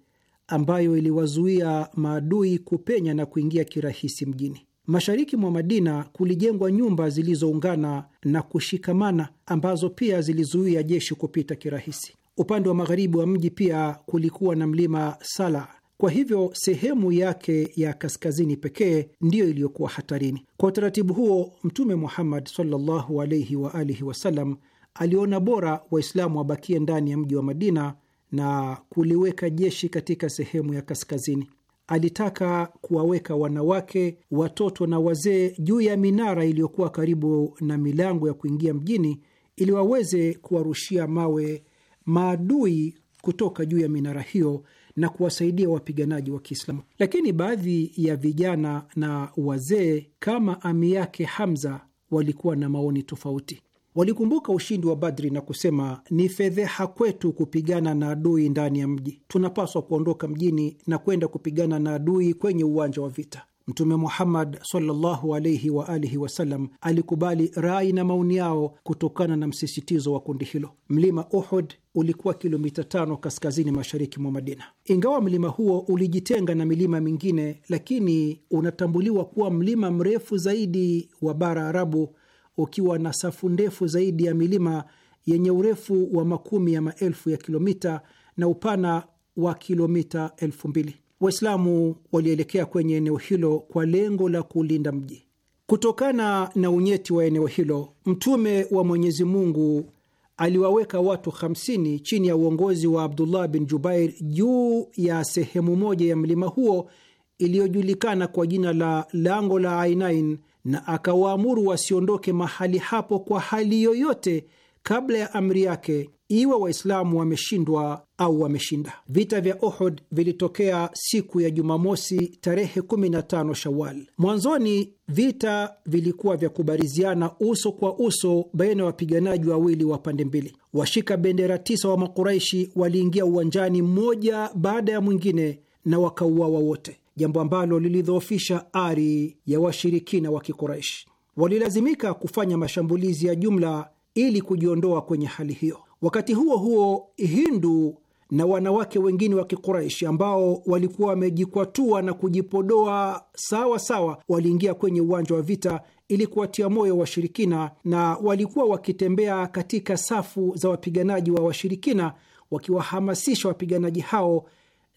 ambayo iliwazuia maadui kupenya na kuingia kirahisi mjini. Mashariki mwa Madina kulijengwa nyumba zilizoungana na kushikamana ambazo pia zilizuia jeshi kupita kirahisi. Upande wa magharibi wa mji pia kulikuwa na mlima Sala. Kwa hivyo sehemu yake ya kaskazini pekee ndiyo iliyokuwa hatarini. Kwa utaratibu huo, Mtume Muhammad sallallahu alaihi wa alihi wasallam aliona bora Waislamu wabakie ndani ya mji wa Madina na kuliweka jeshi katika sehemu ya kaskazini. Alitaka kuwaweka wanawake, watoto na wazee juu ya minara iliyokuwa karibu na milango ya kuingia mjini ili waweze kuwarushia mawe maadui kutoka juu ya minara hiyo na kuwasaidia wapiganaji wa Kiislamu. Lakini baadhi ya vijana na wazee kama ami yake Hamza walikuwa na maoni tofauti. Walikumbuka ushindi wa Badri na kusema, ni fedheha kwetu kupigana na adui ndani ya mji. Tunapaswa kuondoka mjini na kwenda kupigana na adui kwenye uwanja wa vita. Mtume Muhammad sallallahu alaihi wa alihi wasallam alikubali rai na maoni yao kutokana na msisitizo wa kundi hilo. Mlima Uhud ulikuwa kilomita tano kaskazini mashariki mwa Madina. Ingawa mlima huo ulijitenga na milima mingine, lakini unatambuliwa kuwa mlima mrefu zaidi wa bara Arabu ukiwa na safu ndefu zaidi ya milima yenye urefu wa makumi ya maelfu ya kilomita na upana wa kilomita elfu mbili. Waislamu walielekea kwenye eneo hilo kwa lengo la kulinda mji. Kutokana na unyeti wa eneo hilo, Mtume wa Mwenyezi Mungu aliwaweka watu 50 chini ya uongozi wa Abdullah bin Jubair juu ya sehemu moja ya mlima huo iliyojulikana kwa jina la Lango la Ainain na akawaamuru wasiondoke mahali hapo kwa hali yoyote kabla ya amri yake, iwe Waislamu wameshindwa au wameshinda. Vita vya Ohod vilitokea siku ya Jumamosi tarehe 15 Shawal. Mwanzoni vita vilikuwa vya kubariziana uso kwa uso baina ya wapiganaji wawili wa pande mbili. Washika bendera tisa wa Makuraishi waliingia uwanjani mmoja baada ya mwingine na wakauawa wote jambo ambalo lilidhoofisha ari ya washirikina wa Kikuraishi. Walilazimika kufanya mashambulizi ya jumla ili kujiondoa kwenye hali hiyo. Wakati huo huo, Hindu na wanawake wengine wa Kikuraishi ambao walikuwa wamejikwatua na kujipodoa sawa sawa, waliingia kwenye uwanja wa vita ili kuwatia moyo washirikina, na walikuwa wakitembea katika safu za wapiganaji wa washirikina, wakiwahamasisha wapiganaji hao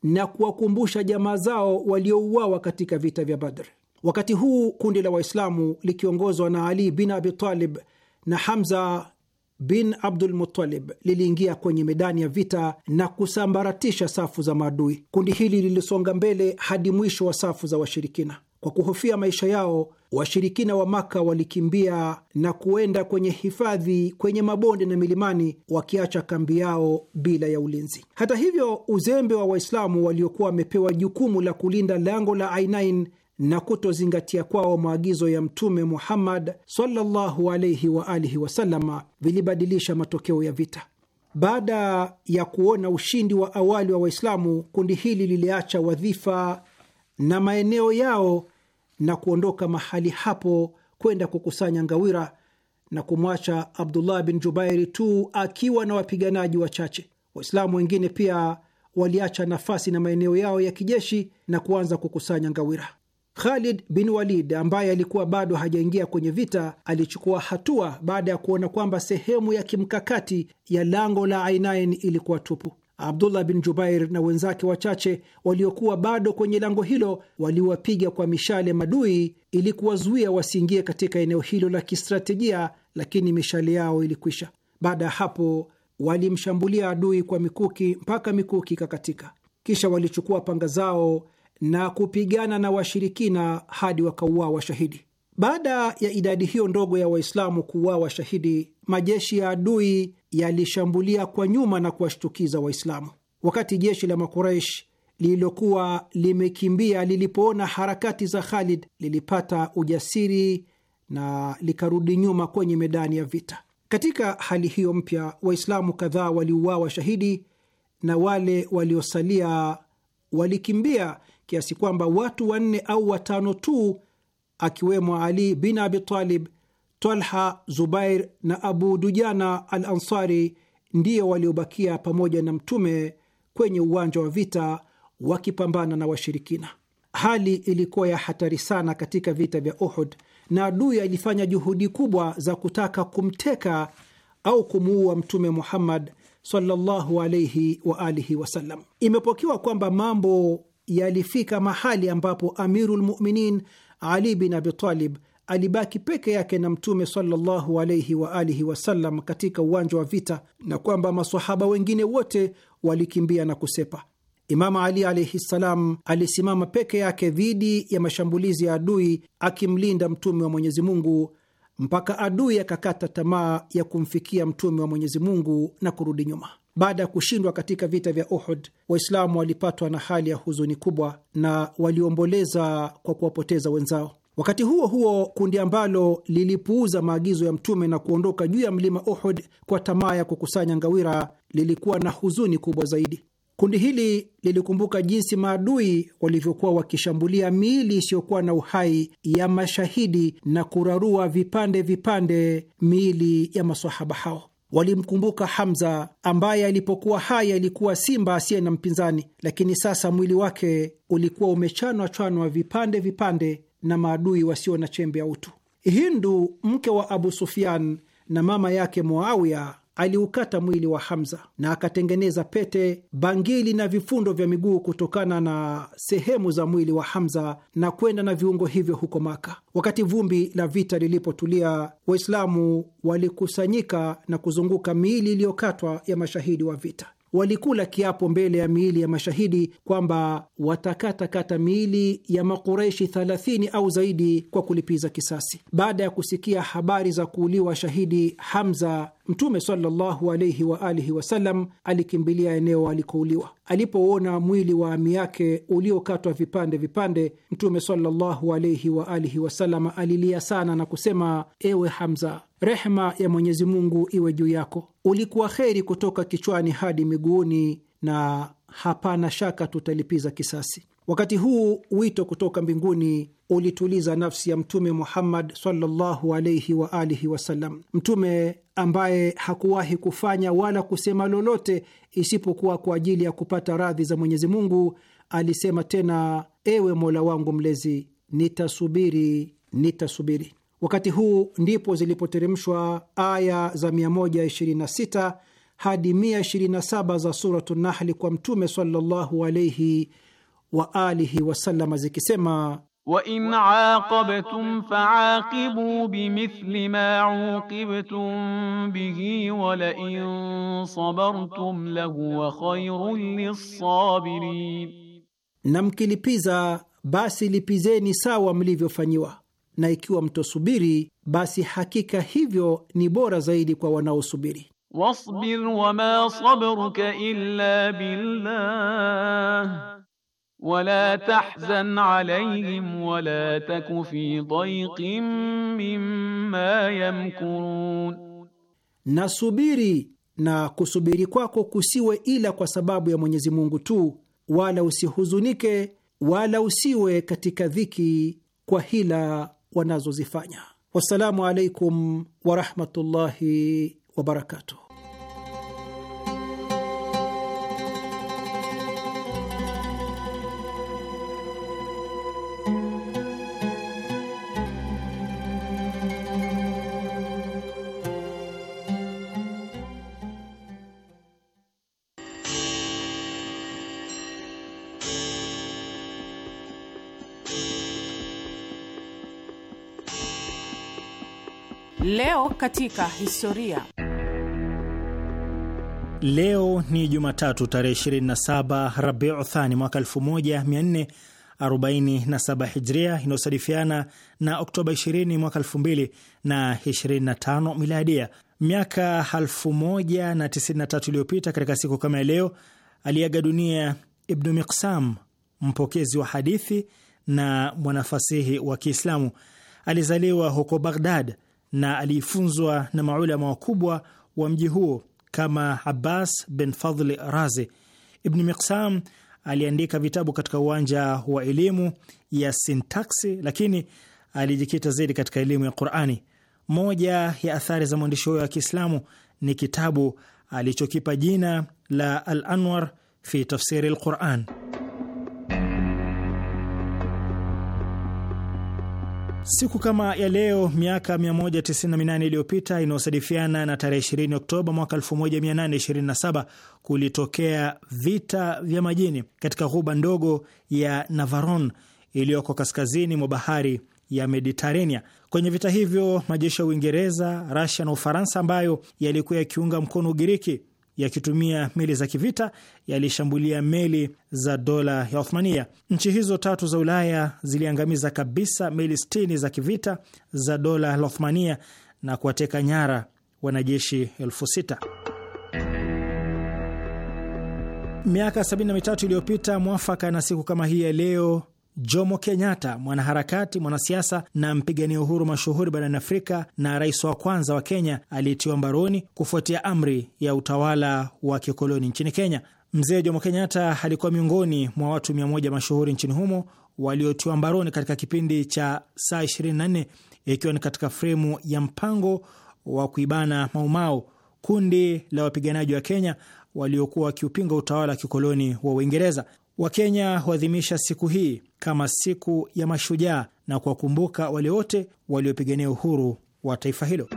na kuwakumbusha jamaa zao waliouawa katika vita vya Badr. Wakati huu kundi la Waislamu likiongozwa na Ali bin Abi Talib na Hamza bin Abdul Muttalib liliingia kwenye medani ya vita na kusambaratisha safu za maadui. Kundi hili lilisonga mbele hadi mwisho wa safu za washirikina. Kwa kuhofia maisha yao, washirikina wa Maka walikimbia na kuenda kwenye hifadhi kwenye mabonde na milimani, wakiacha kambi yao bila ya ulinzi. Hata hivyo, uzembe wa Waislamu waliokuwa wamepewa jukumu la kulinda lango la Ainain na kutozingatia kwao maagizo ya Mtume Muhammad sallallahu wa alihi wasallam vilibadilisha matokeo ya vita. Baada ya kuona ushindi wa awali wa Waislamu, kundi hili liliacha wadhifa na maeneo yao na kuondoka mahali hapo kwenda kukusanya ngawira na kumwacha Abdullah bin Jubairi tu akiwa na wapiganaji wachache. Waislamu wengine pia waliacha nafasi na maeneo yao ya kijeshi na kuanza kukusanya ngawira. Khalid bin Walid ambaye alikuwa bado hajaingia kwenye vita alichukua hatua baada ya kuona kwamba sehemu ya kimkakati ya lango la Ainain ilikuwa tupu. Abdullah bin Jubair na wenzake wachache waliokuwa bado kwenye lango hilo waliwapiga kwa mishale madui ili kuwazuia wasiingie katika eneo hilo la kistratejia, lakini mishale yao ilikwisha. Baada ya hapo, walimshambulia adui kwa mikuki mpaka mikuki ikakatika. Kisha walichukua panga zao na kupigana na washirikina hadi wakauawa washahidi Baada ya idadi hiyo ndogo ya Waislamu kuuawa washahidi majeshi ya adui yalishambulia kwa nyuma na kuwashtukiza Waislamu. Wakati jeshi la Makuraish lililokuwa limekimbia lilipoona harakati za Khalid, lilipata ujasiri na likarudi nyuma kwenye medani ya vita. Katika hali hiyo mpya, Waislamu kadhaa waliuawa shahidi na wale waliosalia walikimbia, kiasi kwamba watu wanne au watano tu akiwemo Ali bin Abi Talib Talha, Zubair na Abu Dujana al Ansari ndiyo waliobakia pamoja na Mtume kwenye uwanja wa vita wakipambana na washirikina. Hali ilikuwa ya hatari sana katika vita vya Uhud na adui alifanya juhudi kubwa za kutaka kumteka au kumuua Mtume Muhammad sallallahu wa alihi wasallam. Imepokewa kwamba mambo yalifika mahali ambapo amirulmuminin Ali bin Abitalib alibaki peke yake na Mtume sallallahu alaihi wa alihi wasallam katika uwanja wa vita na kwamba masahaba wengine wote walikimbia na kusepa. Imamu Ali alaihi ssalam alisimama peke yake dhidi ya mashambulizi ya adui akimlinda Mtume wa Mwenyezi Mungu mpaka adui akakata tamaa ya kumfikia Mtume wa Mwenyezi Mungu na kurudi nyuma. Baada ya kushindwa katika vita vya Uhud, Waislamu walipatwa na hali ya huzuni kubwa na waliomboleza kwa kuwapoteza wenzao. Wakati huo huo, kundi ambalo lilipuuza maagizo ya Mtume na kuondoka juu ya mlima Uhud kwa tamaa ya kukusanya ngawira lilikuwa na huzuni kubwa zaidi. Kundi hili lilikumbuka jinsi maadui walivyokuwa wakishambulia miili isiyokuwa na uhai ya mashahidi na kurarua vipande vipande miili ya masahaba hao. Walimkumbuka Hamza ambaye alipokuwa hai alikuwa simba asiye na mpinzani, lakini sasa mwili wake ulikuwa umechanwa chanwa vipande vipande na maadui wasio na chembe ya utu. Hindu mke wa Abu Sufyan na mama yake Muawiya aliukata mwili wa Hamza na akatengeneza pete, bangili na vifundo vya miguu kutokana na sehemu za mwili wa Hamza na kwenda na viungo hivyo huko Maka. Wakati vumbi la vita lilipotulia, Waislamu walikusanyika na kuzunguka miili iliyokatwa ya mashahidi wa vita walikula kiapo mbele ya miili ya mashahidi kwamba watakatakata miili ya Makureshi 30 au zaidi kwa kulipiza kisasi. Baada ya kusikia habari za kuuliwa shahidi Hamza Mtume sallallahu alaihi wa alihi wasallam alikimbilia eneo alikouliwa. Alipouona mwili wa ami yake uliokatwa vipande vipande, Mtume sallallahu alaihi wa alihi wasallam alilia sana na kusema, ewe Hamza, rehma ya Mwenyezi Mungu iwe juu yako, ulikuwa kheri kutoka kichwani hadi miguuni, na hapana shaka tutalipiza kisasi. Wakati huu wito kutoka mbinguni ulituliza nafsi ya Mtume Muhammad sallallahu alaihi wa alihi wasallam, mtume ambaye hakuwahi kufanya wala kusema lolote isipokuwa kwa ajili ya kupata radhi za Mwenyezi Mungu. Alisema tena, ewe Mola wangu Mlezi, nitasubiri, nitasubiri. Wakati huu ndipo zilipoteremshwa aya za 126 hadi 127 za Suratu Nahli kwa Mtume sallallahu alaihi wa alihi wasallama zikisema wa in aaqabtum faaqibu bimithli ma uqibtum bihi wa la in sabartum lahu wa khayrun lis-sabirin, na mkilipiza basi lipizeni sawa mlivyofanyiwa, na ikiwa mtosubiri basi hakika hivyo ni bora zaidi kwa wanaosubiri. wasbir wama sabruka illa billah wala tahzan alayhim wala taku fi dhayqin mimma yamkurun, na na kusubiri kwako kusiwe ila kwa sababu ya Mwenyezi Mungu tu, wala usihuzunike wala usiwe katika dhiki kwa hila wanazozifanya. Wassalamu alaikum warahmatullahi wabarakatuh. Leo katika historia. Leo ni Jumatatu tarehe 27 Rabiu Thani mwaka 1447 Hijria, inayosadifiana na Oktoba 20 mwaka 2025 Miladia. Miaka 1093 iliyopita katika siku kama ya leo aliaga dunia Ibnu miksam mpokezi wa hadithi na mwanafasihi wa Kiislamu. Alizaliwa huko Baghdad na aliifunzwa na maulama wakubwa wa mji huo kama Abbas bin fadl Razi. Ibn Miqsam aliandika vitabu katika uwanja wa elimu ya sintaksi, lakini alijikita zaidi katika elimu ya Qurani. Moja ya athari za mwandishi huyo wa Kiislamu ni kitabu alichokipa jina la Al Anwar fi tafsiri lquran. Siku kama ya leo miaka 198 iliyopita inayosadifiana na tarehe 20 Oktoba mwaka 1827 kulitokea vita vya majini katika ghuba ndogo ya Navaron iliyoko kaskazini mwa bahari ya Mediterania. Kwenye vita hivyo majeshi ya Uingereza, Rasia na Ufaransa ambayo yalikuwa yakiunga mkono Ugiriki yakitumia meli za kivita yalishambulia meli za dola ya Othmania. Nchi hizo tatu za Ulaya ziliangamiza kabisa meli sitini za kivita za dola la Othmania na kuwateka nyara wanajeshi elfu sita. Miaka 73 iliyopita mwafaka na siku kama hii ya leo Jomo Kenyatta, mwanaharakati, mwanasiasa na mpigania uhuru mashuhuri barani Afrika na rais wa kwanza wa Kenya aliyetiwa mbaroni kufuatia amri ya utawala wa kikoloni nchini Kenya. Mzee Jomo Kenyatta alikuwa miongoni mwa watu mia moja mashuhuri nchini humo waliotiwa mbaroni katika kipindi cha saa 24 ikiwa ni katika fremu ya mpango wa kuibana Maumau, kundi la wapiganaji wa Kenya waliokuwa wakiupinga utawala wa kikoloni wa Uingereza. Wakenya huadhimisha siku hii kama siku ya mashujaa na kuwakumbuka wale wote waliopigania uhuru wa taifa hilo.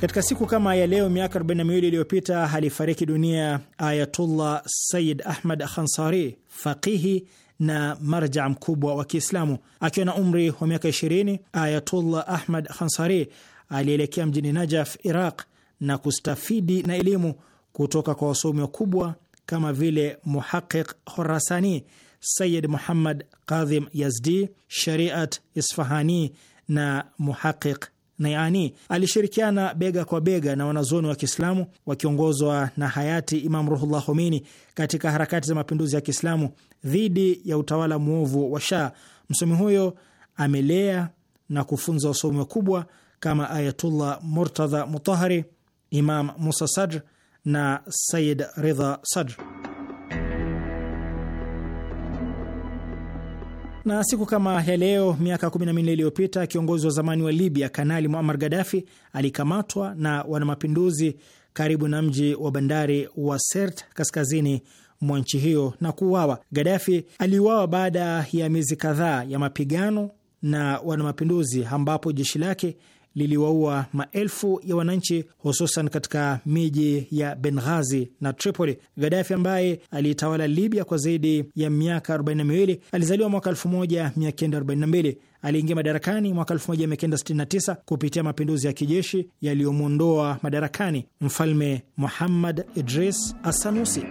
Katika siku kama ya leo miaka 42 iliyopita alifariki dunia Ayatullah sayid Ahmad Khansari, faqihi na marja mkubwa wa Kiislamu. Akiwa na umri wa miaka 20, Ayatullah Ahmad Khansari alielekea mjini Najaf, Iraq, na kustafidi na elimu kutoka kwa wasomi wakubwa kama vile Muhaqiq Horasani, Sayid Muhammad Kadhim Yazdi, Shariat Isfahani na Muhaqiq Nayani. Alishirikiana bega kwa bega na wanazuoni wa Kiislamu wakiongozwa na hayati Imam Ruhullah Khomeini katika harakati za mapinduzi ya Kiislamu dhidi ya utawala mwovu wa Shah. Msomi huyo amelea na kufunza wasomi wakubwa kama Ayatullah Murtadha Mutahari, Imam Musa Sadr na Said Ridha Sadr. Na siku kama ya leo miaka 14 iliyopita kiongozi wa zamani wa Libya Kanali Muammar Gaddafi alikamatwa na wanamapinduzi karibu na mji wa bandari wa Sirte kaskazini mwa nchi hiyo na kuuawa. Gaddafi aliuawa baada ya miezi kadhaa ya mapigano na wanamapinduzi ambapo jeshi lake liliwaua maelfu ya wananchi hususan katika miji ya Benghazi na Tripoli. Gadafi ambaye aliitawala Libya kwa zaidi ya miaka 42 alizaliwa mwaka 1942. Aliingia madarakani mwaka 1969 kupitia mapinduzi ya kijeshi yaliyomwondoa madarakani mfalme Muhammad Idris Asanusi.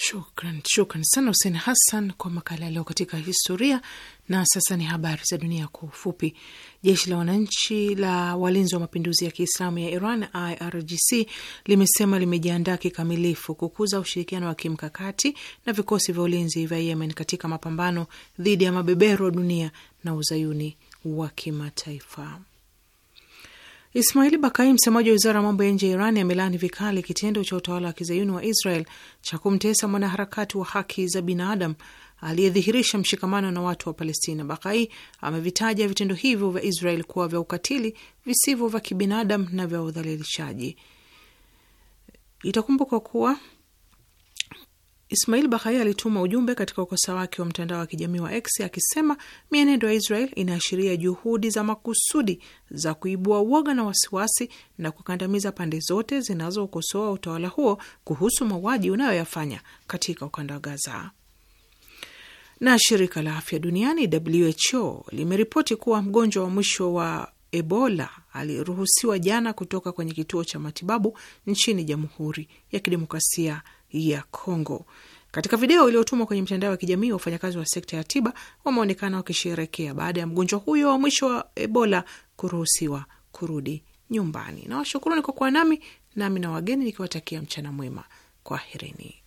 Shukran, shukran sana husen Hassan kwa makala ya leo katika historia. Na sasa ni habari za dunia kwa ufupi. Jeshi la wananchi la walinzi wa mapinduzi ya Kiislamu ya Iran, IRGC, limesema limejiandaa kikamilifu kukuza ushirikiano wa kimkakati na vikosi vya ulinzi vya Yemen katika mapambano dhidi ya mabebero dunia na uzayuni wa kimataifa. Ismaili Bakai, msemaji wa wizara ya mambo ya nje ya Irani, amelaani vikali kitendo cha utawala wa kizayuni wa Israel cha kumtesa mwanaharakati wa haki za binadamu aliyedhihirisha mshikamano na watu wa Palestina. Bakai amevitaja vitendo hivyo vya Israel kuwa vya ukatili, visivyo vya kibinadamu na vya udhalilishaji. Itakumbukwa kuwa Ismail Bahai alituma ujumbe katika ukosa wake wa mtandao wa kijamii wa X akisema mienendo ya Israel inaashiria juhudi za makusudi za kuibua uoga na wasiwasi na kukandamiza pande zote zinazokosoa utawala huo kuhusu mauaji unayoyafanya katika ukanda wa Gaza. Na shirika la afya duniani WHO limeripoti kuwa mgonjwa wa mwisho wa Ebola aliruhusiwa jana kutoka kwenye kituo cha matibabu nchini Jamhuri ya Kidemokrasia ya Kongo. Katika video iliyotumwa kwenye mtandao wa kijamii, wafanyakazi wa sekta ya tiba wameonekana wakisherekea baada ya mgonjwa huyo wa mwisho wa Ebola kuruhusiwa kurudi nyumbani. Na washukuruni kwa kuwa nami nami na wageni nikiwatakia mchana mwema, kwaherini.